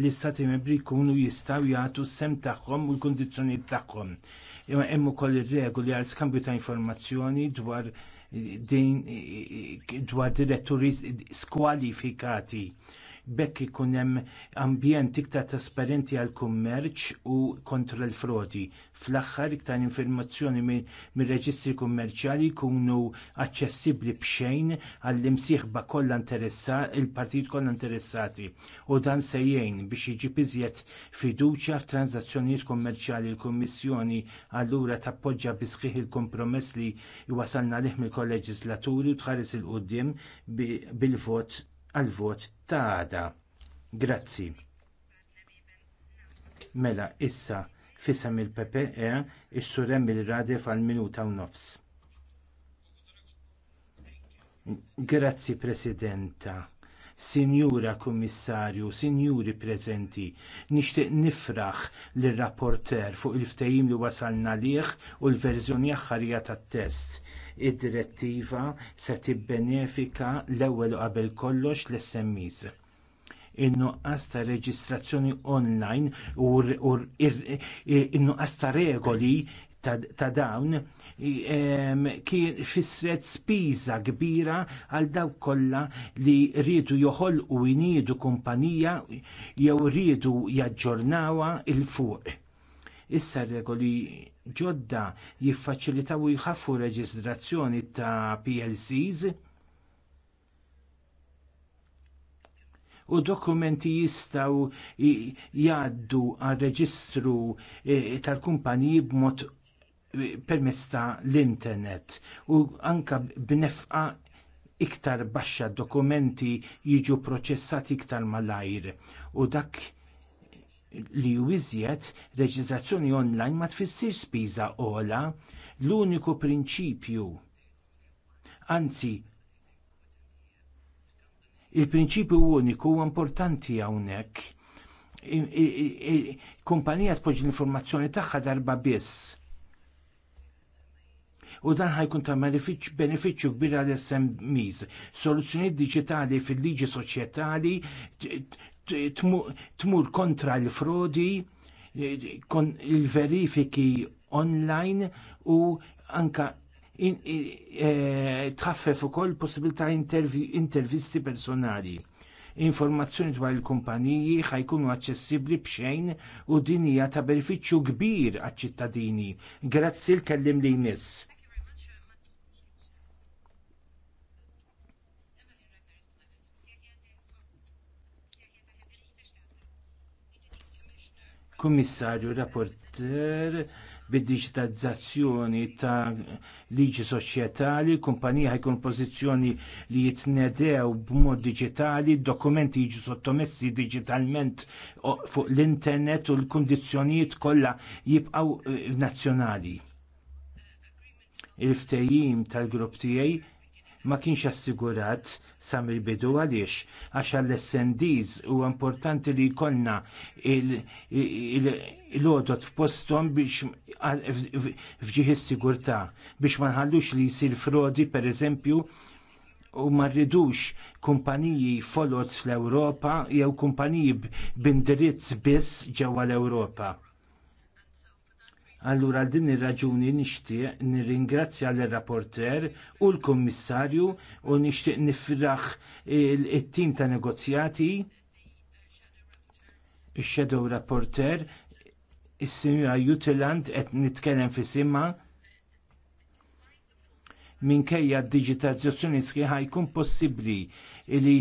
l-istati membri jkunu jistgħu jagħtu s-sem tagħhom u l-kundizzjonijiet tagħhom. Imma hemm ukoll ir-regoli għal skambju ta' informazzjoni dwar din dwar diretturi skwalifikati bekk ikun hemm ambjent iktar trasparenti għall kummerċ u kontra l-frodi. Fl-aħħar iktar informazzjoni mir-reġistri kummerċjali jkunu aċċessibbli b'xejn għall-imsieħba kollha interessat il-partit kollha interessati. U dan se jgħin biex jiġi biżjed fiduċja f'tranzazzjonijiet kummerċjali l-Kummissjoni allura tappoġġja bi sħiħ il-kompromess li wasalna lih mill-kolleġislaturi u tħares il-qudiem bil-vot għal-vot ta' għada. Grazzi. Mela, issa, fissam il-PPE, e, ix-surem il-radef għal-minuta u nofs. Grazzi, Presidenta. Sinjura Kummissarju, Sinjuri preżenti, nixtieq nifraħ lir rapporter fuq il-ftehim li wasalna liħ u l-verżjoni aħħarija tat-test. Id-direttiva se tibbenefika l-ewwel qabel kollox l-SMEs in-nuqqas ta' reġistrazzjoni online u in-nuqqas ta' regoli ta' dawn kien fisret spiża kbira għal dawk kollha li rridu joħolqu jniedu kumpanija jew rridu jaġġornawha il fuq. Issa regoli ġodda jiffaċilitaw jħaffu reġistrazzjoni ta' PLCs u dokumenti jistgħu jgħaddu għal reġistru eh, tal-kumpaniji b'mod permezz ta' l-internet u anke b'nefqa iktar baxxa dokumenti jiġu proċessati iktar malajr u dak li ju iżjed reġistrazzjoni online ma tfissir spiża ola l-uniku prinċipju. Anzi, il-prinċipju uniku huwa importanti hawnhekk. Kumpanija tpoġġi l-informazzjoni tagħha darba biss u dan ħajkun ta' benefiċċju kbir għal SMEs. Soluzzjonijiet diġitali fil-liġi soċjetali tmur kontra l-frodi, e, il-verifiki online u anka e, tħaffef ukoll possibilità intervisti personali informazzjoni dwar il-kumpaniji ħajkunu aċċessibbli b'xejn u din hija ta' benefiċċju kbir għaċ-ċittadini. Grazzi l-kellim li jmiss. Kummissarju rapporter bid-digitalizzazzjoni ta' liġi soċjetali, kumpanija ħajkun pożizzjoni li jitnedew b'mod digitali, dokumenti jiġu sottomessi digitalment fuq l-internet u l-kundizzjonijiet kollha jibqgħu eh, nazzjonali. Il-ftehim tal-grupp tiegħi ma kienx assigurat sa mill-bidu għaliex għax għall-SNDs huwa importanti li jkollna l-għodot f'posthom biex fġieħ is-sigurtà biex ma nħallux li jsir frodi pereżempju u ma rridux kumpaniji folot fl-Ewropa jew kumpaniji b'indirizz biss ġewwa l-Ewropa Allura għal din ir-raġuni nixtieq nirringrazzja l rapporter u l-Kummissarju u nixtieq nifraħ it-tim ta' negozjati ix-shadow rapporter is-sinjura Jutiland qed nitkellem fi simma minkejja d-digitalizzazzjoni sħiħa jkun possibbli li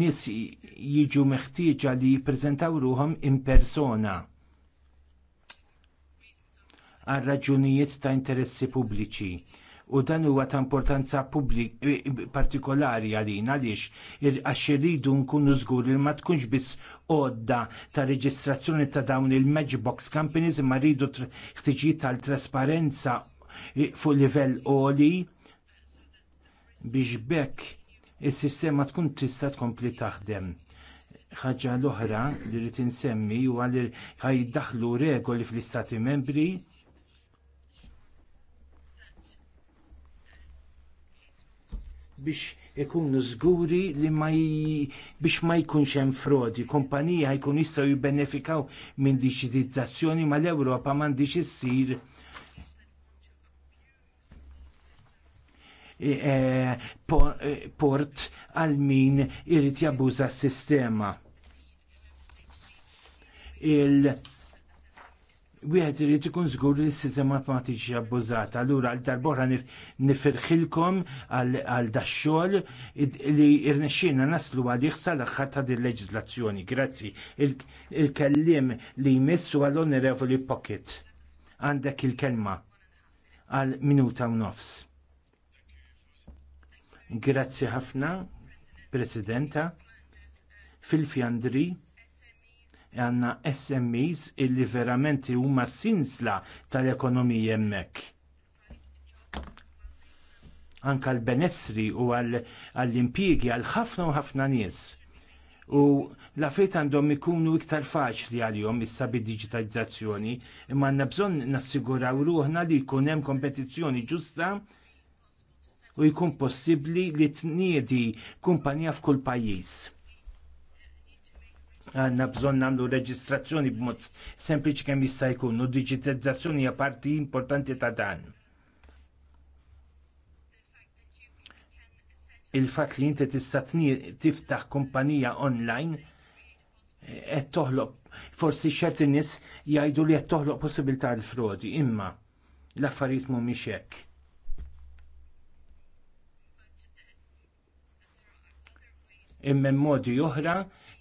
nies jiġu meħtieġa li jippreżentaw ruhom in persona għal raġunijiet ta' interessi pubbliċi u dan huwa ta' importanza partikolari għalina għaliex għax irridu nkunu żgur li ma tkunx biss għodda ta' reġistrazzjoni ta' dawn il-matchbox companies imma rridu ħtiġijiet tal-trasparenza fuq livell għoli biex bekk il sistema tkun tista' tkompli taħdem ħaġa l-oħra li rrid insemmi huwa li ħajdaħlu regoli fl-istati membri biex ikunu żguri li ma biex ma jkunx hemm frodi. Kumpanija jkun jistgħu jibbenefikaw minn diġitizzazzjoni mal ewropa m'għandix issir e, e, e, port għal min irid jabbuża s-sistema. Il wieħed irid ikun żgur li s-sistema matematiċi abbużata. Allura għal darbora nifirħilkom għal daxxol li irnexxina naslu għal jħsa l-aħħar ta' din leġiżlazzjoni. Grazzi. Il-kellim li jmissu għall onorevoli Pocket. Għandek il-kelma għal minuta u nofs. Grazzi ħafna, Presidenta, fil-Fjandri għanna SMEs illi verament huma sinsla tal-ekonomija hemmhekk. Anka l-benessri u għall-impjiegi għal ħafna u ħafna nies. U la fejt għandhom ikunu iktar faċli għalihom issa bid-digitalizzazzjoni, imma għandna bżonn nassiguraw ruħna li jkun hemm kompetizzjoni ġusta u jkun possibbli li tniedi kumpanija f'kull pajjiż għanna bżon namlu reġistrazzjoni b'mod sempliċi kemm jista' jkun u digitalizzazzjoni hija parti importanti ta' dan. Il-fatt li inti tista' tiftaħ kumpanija online eh, qed toħloq forsi xert nies jgħidu li qed toħloq possibilità l frodi imma l-affarijiet mhumiex hekk. Imma modi oħra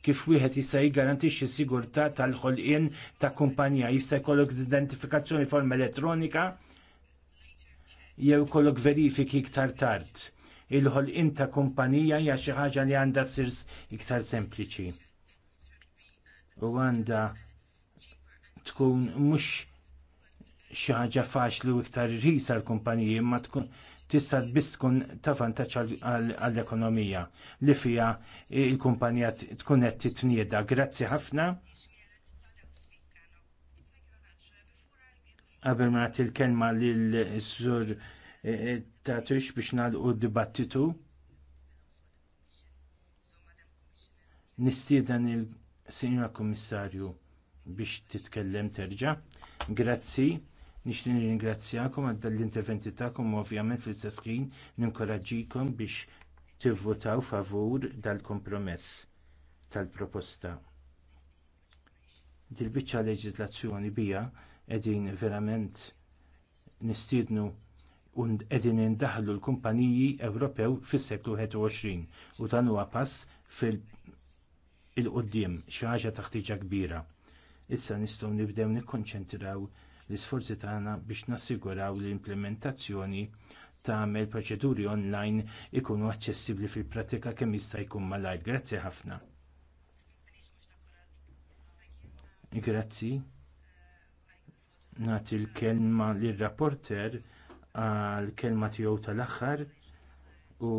kif wieħed jista' jiggarantixxi s-sigurtà tal-ħolqien ta' kumpanija jista' jkollok identifikazzjoni forma elettronika jew kollok verifiki iktar tard. Il-ħolqien ta' kumpanija hija xi ħaġa li għandha ssir iktar sempliċi. U għandha tkun mhux xi ħaġa faċli u iktar irħisa l-kumpaniji imma tkun tista' biss tkun ta' vantaġġ għall-ekonomija li fiha l kumpanija tkun qed titnieda. Grazzi ħafna. Qabel ma nagħti l-kelma lil sur eh, eh, Tatux biex nagħlqu d-dibattitu. Nistieden il-Sinjora Kummissarju biex titkellem terġa'. Grazzi Nixtieq nirringrazzjakom għal l-interventi tagħkom ovvjament fil istess ħin ninkoraġġikom biex tivvotaw favur dal-kompromess tal-proposta. Dil-biċċa leġiżlazzjoni bija qegħdin verament nistiednu u qegħdin indaħħlu l-kumpaniji Ewropew fis-seklu 21 u dan huwa pass fil- qoddim xi ħaġa taħtiġa kbira. Issa nistgħu nibdew nikkonċentraw l-isforzi tagħna biex nassiguraw li l-implementazzjoni tagħmel proċeduri online ikunu aċċessibbli fil-pratika kemm jista' jkun malajr. Grazzi ħafna. Grazzi. Nagħti l-kelma lir-rapporter għall kelma tiegħu tal-aħħar u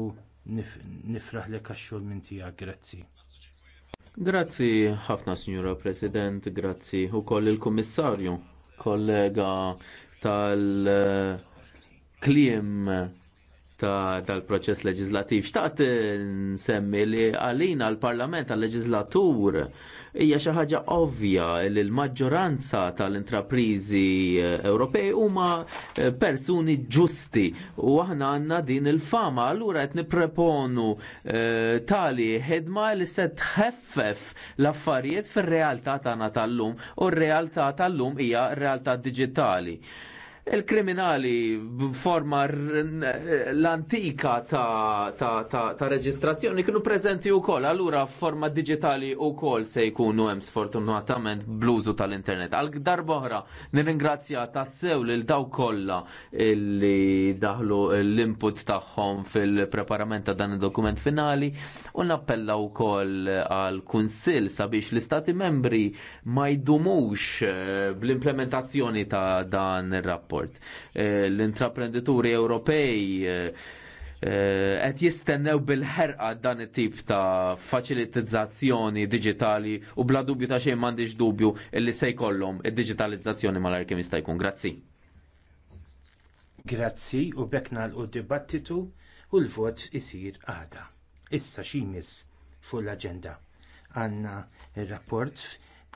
nifraħ lek għax-xogħol minn tiegħek. Grazzi. Grazzi ħafna, Signora President, grazzi wkoll il-Kummissarju kollega tal-klim tal-proċess leġislattiv. Xtaqt nsemmi li għalina l-Parlament għal-leġislatur hija xi ħaġa ovvja li l-maġġoranza tal-intraprizi Ewropej huma eh, persuni ġusti u aħna għandna din il-fama allura qed nipreponu eh, tali ħidma li se tħeffef l-affarijiet fir-realtà tagħna tal-lum u r-realtà tal-lum hija r-realtà diġitali il-kriminali b'forma l-antika ta', ta, ta, ta reġistrazzjoni kienu preżenti wkoll, allura forma digitali wkoll se jkunu hemm sfortunatament bluzu tal-internet. Għal darboħra nirringrazzja tassew lil daw kollha li daħlu l-input tagħhom fil-preparament ta' dan id-dokument finali u nappella wkoll għal kunsill sabiex l-istati membri ma jdumux eh, bl-implementazzjoni ta' dan ir-rapport rapport. Eh, L-intraprenditori Ewropej eh, eh, qed jistennew bil-ħerqa dan it-tip ta' faċilitizzazzjoni digitali u bla dubju ta' xejn m'għandix dubju illi se jkollhom id diġitalizzazzjoni mal kemm jista' jkun. Grazzi. Grazzi u bekk nagħlqu dibattitu u l-vot isir għada. Issa ximis fuq l-aġenda. Għanna il-rapport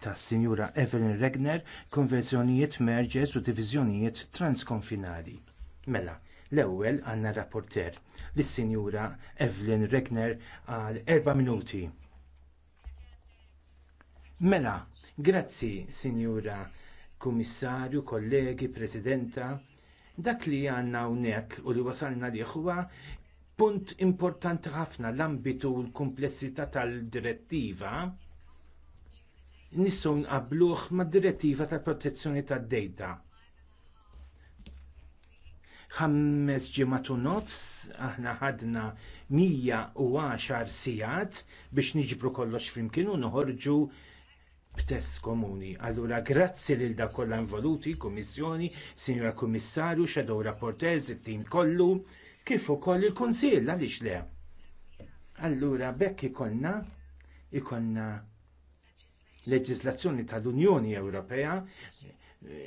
tas Sinjura Evelyn Regner konverzjonijiet merġers u diviżjonijiet transkonfinali. Mela, l-ewwel għandna rapporter lis sinjura Evelyn Regner għal erba' minuti. Mela, grazzi Sinjura Kummissarju, kollegi, Presidenta, dak li għandna hawnhekk u li wasalna li huwa punt importanti ħafna l-ambitu u l-kumplessità tal-direttiva nistgħu nqabbluh mad-direttiva tal-protezzjoni tad-dejta. Ħammes ġimgħatu nofs aħna ħadna 110 sigħat biex niġbru kollox flimkien u noħorġu b'test komuni. Allura grazzi lil dak kollha involuti, Kummissjoni, Sinjora Kummissarju, Shadow Rapporters, it-tim kollu, kif ukoll il-Kunsill għaliex le. Allura bekk ikollna ikollna leġiżlazzjoni tal-Unjoni Ewropea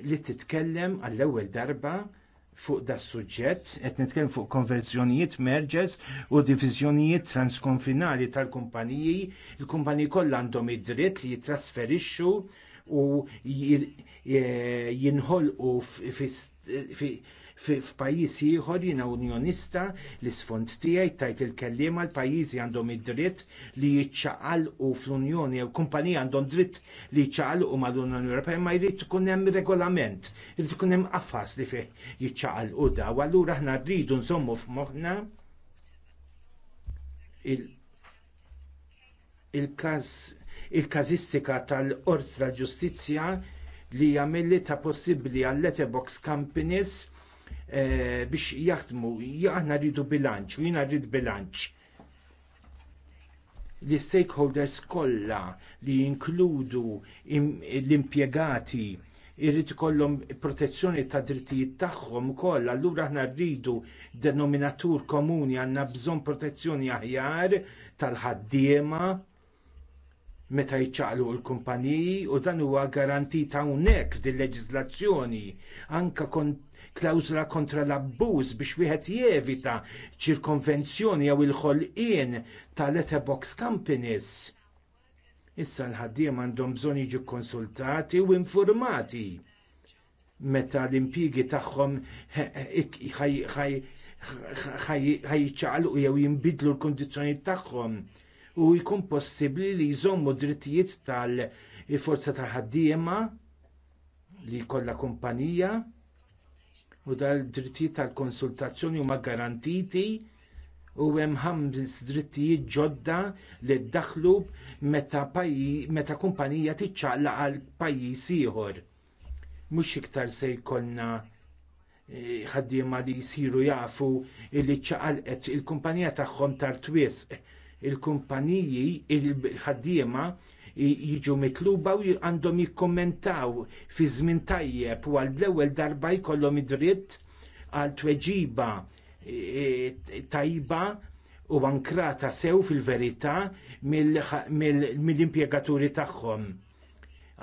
li titkellem għall-ewwel darba fuq da suġġett qed nitkellem fuq konverzjonijiet mergers u diviżjonijiet transkonfinali tal-kumpaniji, il-kumpaniji kollha għandhom id-dritt li jitrasferixxu u eh, jinħolqu fi f'pajjiż ieħor jiena unjonista l isfond tiegħi tajt il-kelliem għal pajjiżi għandhom id-dritt li jiċċaqalqu fl-Unjoni jew kumpanija għandhom dritt li jiċċaqalqu mal-Unjoni Ewropea ma jrid ikun hemm regolament, irid ikun hemm qafas li fih jiċċaqalqu da u allura aħna rridu nżommu f'moħħna il-każ il tal-Qorti tal-Ġustizzja li hija milli ta' possibbli għall letterbox companies Eh, biex jaħdmu, aħna rridu bilanċ, u jiena rrid bilanċ. Li stakeholders kollha li jinkludu l-impjegati irrid ikollhom protezzjoni ta' drittijiet tagħhom ukoll, allura aħna rridu denominatur komuni għandna bżonn protezzjoni aħjar tal-ħaddiema meta jċaqlu l-kumpaniji u dan huwa garantit hawnhekk fil leġiżlazzjoni anke kont klawzla kontra l-abbuż biex wieħed jevita ċirkonvenzjoni jew il-ħolqien ta' letterbox companies. Issa l-ħaddiem għandhom bżonn jiġu konsultati u infurmati meta l-impjigi tagħhom ħajċaqlu jew jinbidlu l-kondizzjoni tagħhom u jkun possibbli li jżommu drittijiet tal-forza tal-ħaddiema li jkollha kumpanija u dal drittijiet tal-konsultazzjoni huma garantiti u hemm ħames drittijiet ġodda li ddaħlu meta, meta kumpanija tiċċaqlaq għal pajjiż ieħor. Mhux iktar se jkollna e, ħaddiema li jsiru jafu li ċaqalqet il-kumpanija tagħhom tar twisq. Il-kumpaniji il-ħaddiema il kumpaniji il ħaddiema il ħaddiema jiġu mitluba u għandhom jikkommentaw fi żmien tajjeb u għal bl-ewwel darba jkollhom id-dritt għal tweġiba e, e, tajba u ankrata sew fil-verità mill-impjegaturi tagħhom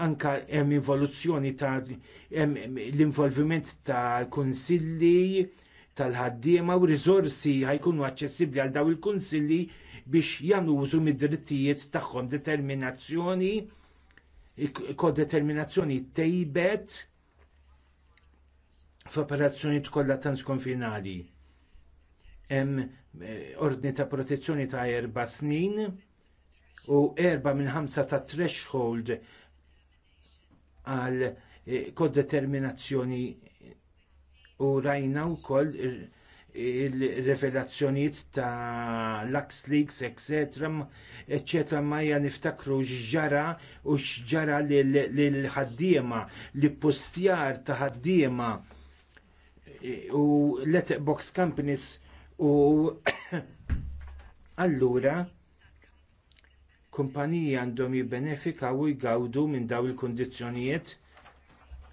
anka hemm involuzzjoni ta' l-involviment tal-kunsilli tal-ħaddiema u riżorsi ħajkunu aċċessibbli għal daw il-kunsilli biex janużu mid-drittijiet tagħhom determinazzjoni, kodeterminazzjoni tejbet f'operazzjonijiet kollha transkonfinali. Hemm eh, ordni ta' protezzjoni ta' erba' snin u erba' minn ħamsa ta' threshold għal eh, kodeterminazzjoni u rajna wkoll il-revelazzjoniet ta' Lux Leaks, etc. etc. ja niftakru xġara u xġara l-ħaddiema, li postjar ta' ħaddiema e, u letterbox companies u [COUGHS] allura kumpaniji għandhom jibbenefika u jgawdu minn daw il kundizzjonijiet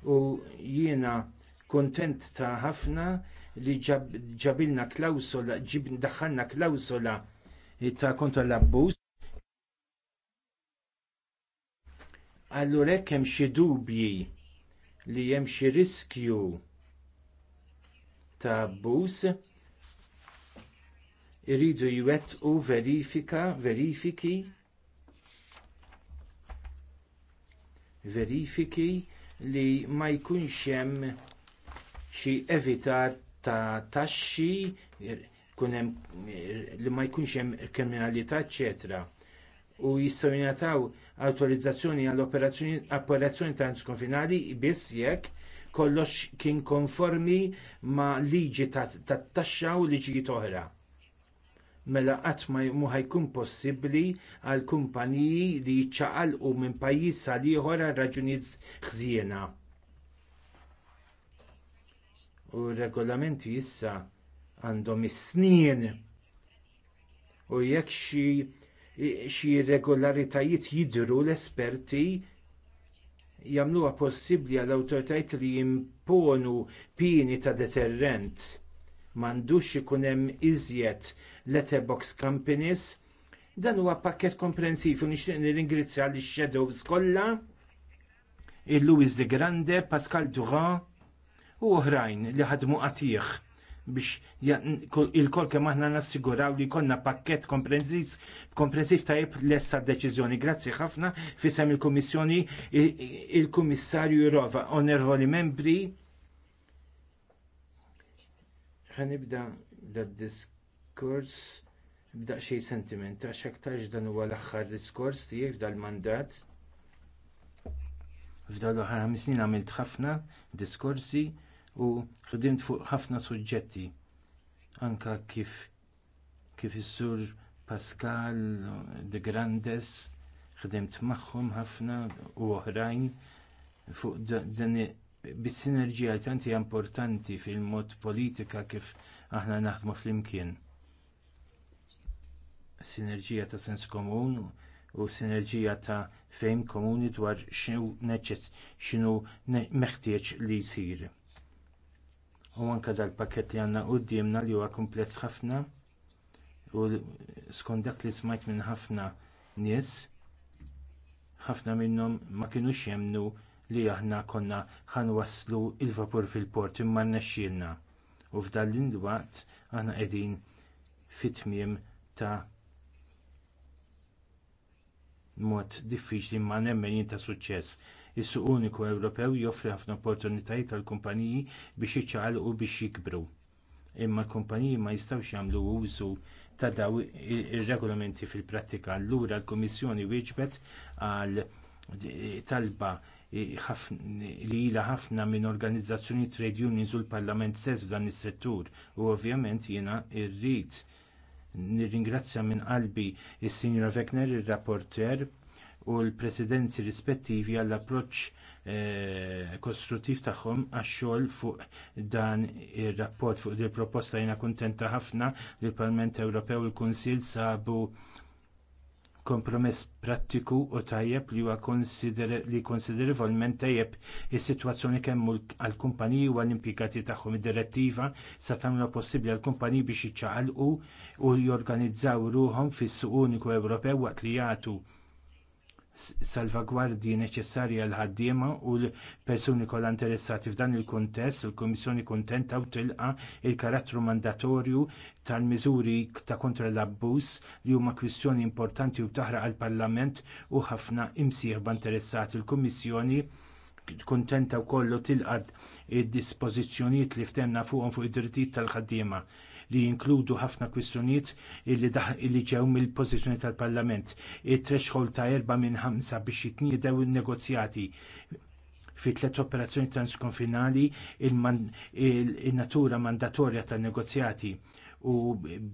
u jiena kuntent ta' ħafna li ġabilna klawsola, ġibn daħħalna klawsola eh, ta' kontra l-abbuż. Allura hekk hemm xi dubji li hemm xi riskju ta' abbuż iridu jwettqu verifika, verifiki verifiki li ma jkunx hemm xi evitar ta' taxxi kunem li ma jkunx hemm kriminalità eċetera u jistgħu jingħataw awtorizzazzjoni għall operazzjoni transkonfinali biss jekk kollox kien konformi ma' liġi ta' taxxa u liġijiet oħra. Mela qatt ma jkun possibbli għal kumpaniji li jiċċaqalqu minn pajjiż sal ieħor għal raġunijiet ħżiena u r-regolamenti issa għandhom is-snien u jekk xi irregolaritajiet jidhru l-esperti jagħmluha possibbli għall awtoritajiet li jimponu pieni ta' deterrent. M'għandux ikun hemm iżjed letterbox companies dan huwa pakkett komprensiv u nixtieq nirringrazzja lix shadows kollha il-Louis de Grande, Pascal Durand, u oħrajn li ħadmu għatih biex il-kol kemm aħna nassiguraw li konna pakket komprensiv tajb lesta deċiżjoni. Grazzi ħafna fisem il-Kummissjoni il-Kummissarju Rova, onervoli membri. Ħanibda d-diskors b'daqxej sentiment, għax aktarx dan huwa l-aħħar diskors tiegħi dal mandat F'dal aħħar ħames snin għamilt ħafna diskorsi u ħdimt fuq ħafna suġġetti anka kif kif is-sur Pascal de Grandes ħdimt magħhom ħafna u oħrajn fuq dan bis-sinerġija tanti importanti fil-mod politika kif aħna naħdmu flimkien. Sinerġija ta' sens komun u sinerġija ta' fejm komuni dwar x'inhu meħtieġ li jsir u anke dal-pakket li għandna quddiemna li huwa kumpless ħafna u skont dak li smajt minn ħafna nies ħafna minnhom ma kinux jemnu li aħna konna ħanwasslu l vapur fil-port imma nnexxielna. U f'dan l-inwaqt aħna qegħdin fit-tmiem ta' mod diffiċli ma nemmen ta' suċċess Is-suq uniku Ewropew joffri ħafna opportunitajiet għal kumpaniji biex jiċċaqalqu biex jikbru. Imma l-kumpaniji ma jistgħux jagħmlu użu ta' daw ir-regolamenti fil-prattika. Allura l-Kummissjoni wieġbet għal talba li ilha ħafna minn organizzazzjoni trade unions u l-Parlament stess f'dan is-settur u ovvjament jiena rrid nirringrazzja minn qalbi is-Sinjora Vekner, ir rapporter u l-presidenzi rispettivi għall approċċ eh, kostruttiv tagħhom għax-xogħol fuq dan ir-rapport fuq il proposta jiena kuntenta ħafna li l-Parlament Ewropew u l-Kunsill sabu kompromess prattiku u tajjeb li huwa li konsiderevolment tajjeb is-sitwazzjoni kemm għall kumpaniji u għall-impjegati tagħhom id-direttiva sa tagħmlu possibbli għall kumpaniji biex jiċċaqalqu u jorganizzaw ruhom fis-suq uniku Ewropew waqt li jagħtu salvagwardji neċessarji għal ħaddiema u l-persuni kollha interessati f'dan il-kuntest, il-Kummissjoni kuntenta u tilqa l karattru mandatorju tal-miżuri ta' kontra l-abbuż li huma kwistjoni importanti u taħraq għall parlament u ħafna imsieħba interessati. Il-Kummissjoni kuntenta wkoll u tilqa' id-dispożizzjonijiet li ftemna fuqhom fuq id-drittijiet tal-ħaddiema li jinkludu ħafna kwistjonijiet li ġew mill-pożizzjoni tal-Parlament. It-threshold ta' erba' minn ħamsa biex jitniedew in-negozjati fi tlet operazzjoni transkonfinali il-natura mandatorja tan-negozjati u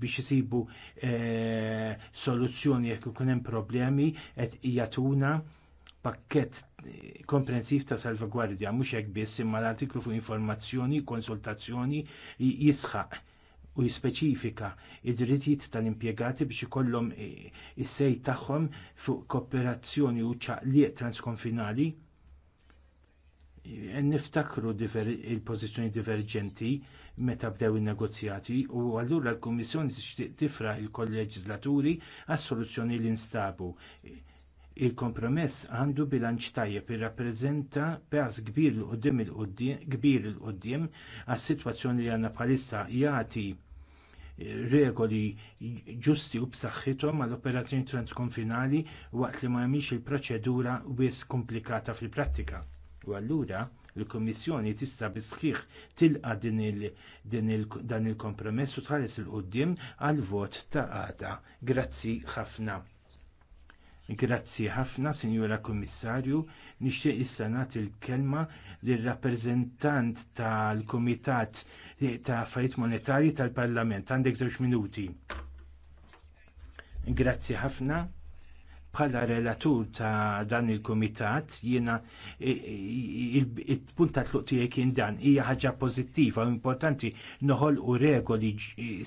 biex isibu eh, soluzzjoni jekk ikun hemm problemi qed jatuna pakkett eh, komprensiv ta' salvagwardja mhux hekk biss imma l-artiklu fuq informazzjoni, konsultazzjoni jisħaq u jispeċifika id-drittijiet tal-impjegati biex ikollhom e, is-sej tagħhom fuq kooperazzjoni u ċaqliet transkonfinali. E, niftakru il-pożizzjoni diverġenti meta bdew in-negozjati u allura l-Kummissjoni tixtieq tifra il-kolleġislaturi għas-soluzzjoni li nstabu. E, Il-kompromess għandu bilanċ tajjeb irrappreżenta pass kbir il il-quddiem, kbir il qudiem għas-sitwazzjoni li għandna bħalissa jagħti regoli ġusti u b'saħħithom għall operazzjoni transkonfinali waqt li ma jemix il-proċedura wisq komplikata fil-prattika. U allura il-Kummissjoni tista' bisħiħ tilqa dan il-kompromess u tħares il-qudiem għal vot ta' għada. Grazzi ħafna. Grazzi ħafna, Sinjura Kummissarju, nixtieq issa nagħti l-kelma lir-rappreżentant tal-Kumitat ta' Affarijiet Monetarji tal-Parlament. Għandek żewġ minuti. Grazzi ħafna bħala relatur ta' dan il kumitat jiena il-punt ta' tluq tiegħi kien dan hija ħaġa pożittiva u importanti noħolqu regoli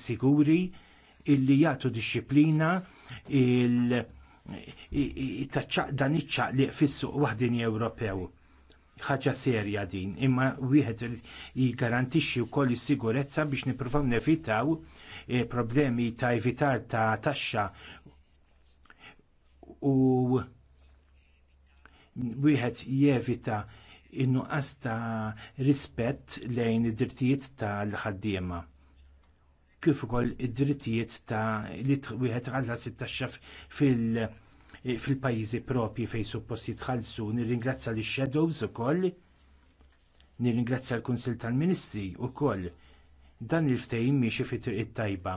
siguri illi jagħtu dixxilpina il- dan iċċaqliq li fissu waħdini Ewropew. Ħaġa serja din, imma wieħed jiggarantixxi wkoll is-sigurezza biex nippruvaw nevitaw problemi ta' evitar ta' taxxa u wieħed jevita in ta' rispett lejn id-drittijiet tal-ħaddiema kif ukoll id-drittijiet ta' li wieħed ħallas it fil- fil-pajjiżi propji fejn suppost jitħallsu. Nirringrazzja lix shadows ukoll, nirringrazzja l-Kunsil tal-Ministri wkoll. Dan il-ftehim miexi fit-triq tajba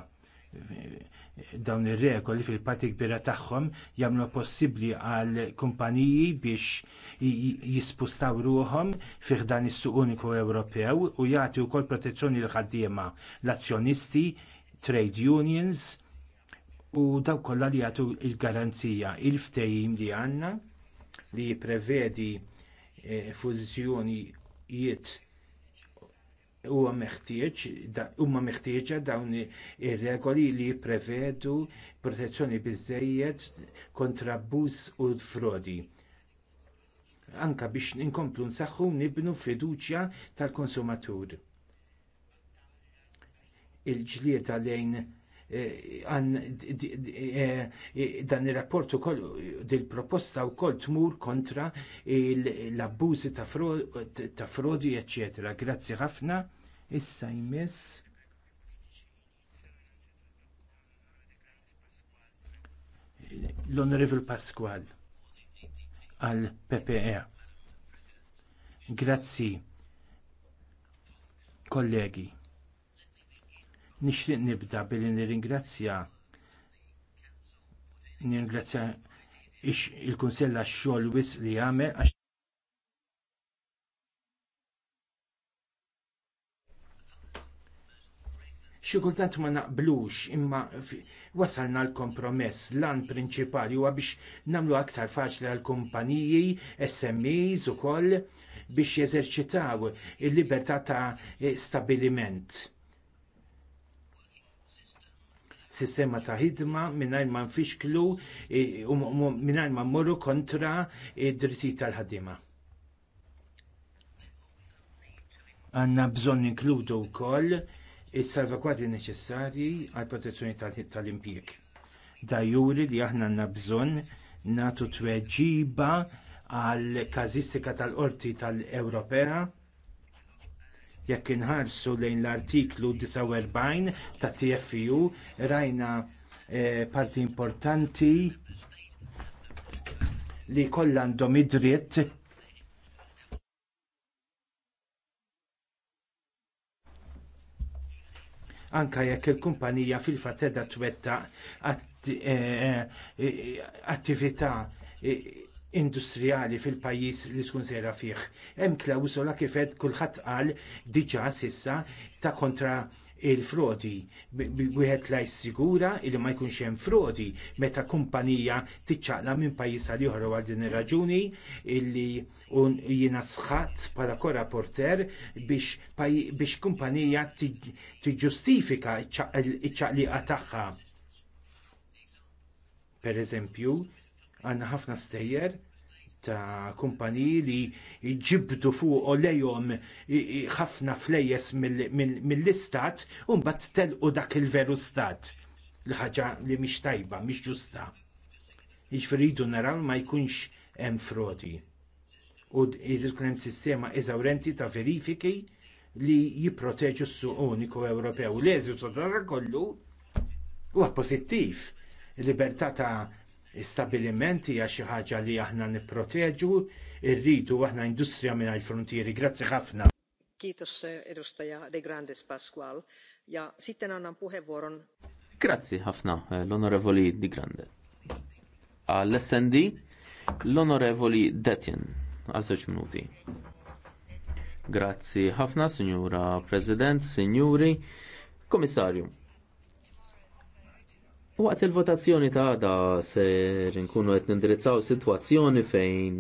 dawn ir-regoli fil-parti kbira tagħhom jagħmlu possibbli għal kumpaniji biex jispustaw ruhom fih dan is-suq uniku Ewropew u jagħti wkoll protezzjoni l ħaddiema l-azzjonisti, trade unions u daw kollha li jagħtu l garanzija il-ftehim li għandna li jipprevedi eh, fużjonijiet huwa meħtieġ huma meħtieġa dawn ir-regoli li jipprevedu protezzjoni biżżejjed kontra abbuż u frodi. Anke biex inkomplu nsaħħu nibnu fiduċja tal-konsumatur. il ġlieda lejn Eh, għan eh, eh, dan il-rapport u koll dil-proposta u koll tmur kontra l-abbużi ta' frodi, eccetera. Grazzi ħafna. Issa jmiss. l-Onorevol Pasqual għal PPE. Grazzi, kollegi. Nixtieq nibda billi nirringrazzja nirringrazzja il-Kunsell għax-xogħol wis li għamel għax xi kultant ma naqblux imma wasalna l-kompromess lan prinċipali huwa biex nagħmlu aktar faċli għall kumpaniji, SMEs ukoll biex jeżerċitaw il-libertà ta' stabiliment sistema ta' ħidma mingħajr ma nfixklu e, mingħajr ma mmorru kontra id dritti tal-ħaddiema. Għandna bżonn inkludu wkoll is-salvagwardji neċessarji għall protezzjoni tal-ħid tal Da juri li aħna għandna bżonn nagħtu tweġiba għall każistika tal-qorti tal-Ewropea Jekk inħarsu lejn l-artiklu 49 ta' TFU rajna eh, parti importanti li kollha għandhom id-dritt anka jekk il-kumpanija fil-fatt edha twettaq eh, eh, attività att att att industrijali fil-pajjiż li tkun sejra fih. Hemm klawsola kif qed kulħadd qal diġà sissa ta' kontra il-frodi. Wieħed la jsigura li ma jkunx hemm frodi meta kumpanija tiċċaqla minn pajjiż għal ieħor għal din ir-raġuni illi jiena sħatt bħala korrapporter biex kumpanija tiġġustifika ċ-ċaqliqa tagħha. Pereżempju, għandna ħafna stejjer ta' kumpaniji li ġibdu fuq lejhom ħafna flejjes mill-istat u mbagħad telqu dak il-veru stat. L-ħaġa li mhix tajba, mhix ġusta. Jiġifieri naraw ma jkunx hemm frodi. U jridu hemm sistema eżawrenti ta' verifiki li jipproteġu s-suq uniku Ewropew. L-eżitu ta' kollu huwa pożittiv. Il-libertà ta' stabilimenti hija xi ħaġa li aħna nipproteġu rridu aħna industrija mingħajr frontieri. Grazzi ħafna. Kiitos eh, edustaja De Grandes Pasqual. Ja sitten Grazzi ħafna eh, l-Onorevoli Di Grande. l snd l-Onorevoli Detjen għal minuti. Grazzi ħafna, Signora President, Signori Komissarju Waqt il-votazzjoni ta' għada se nkunu qed nindirizzaw sitwazzjoni fejn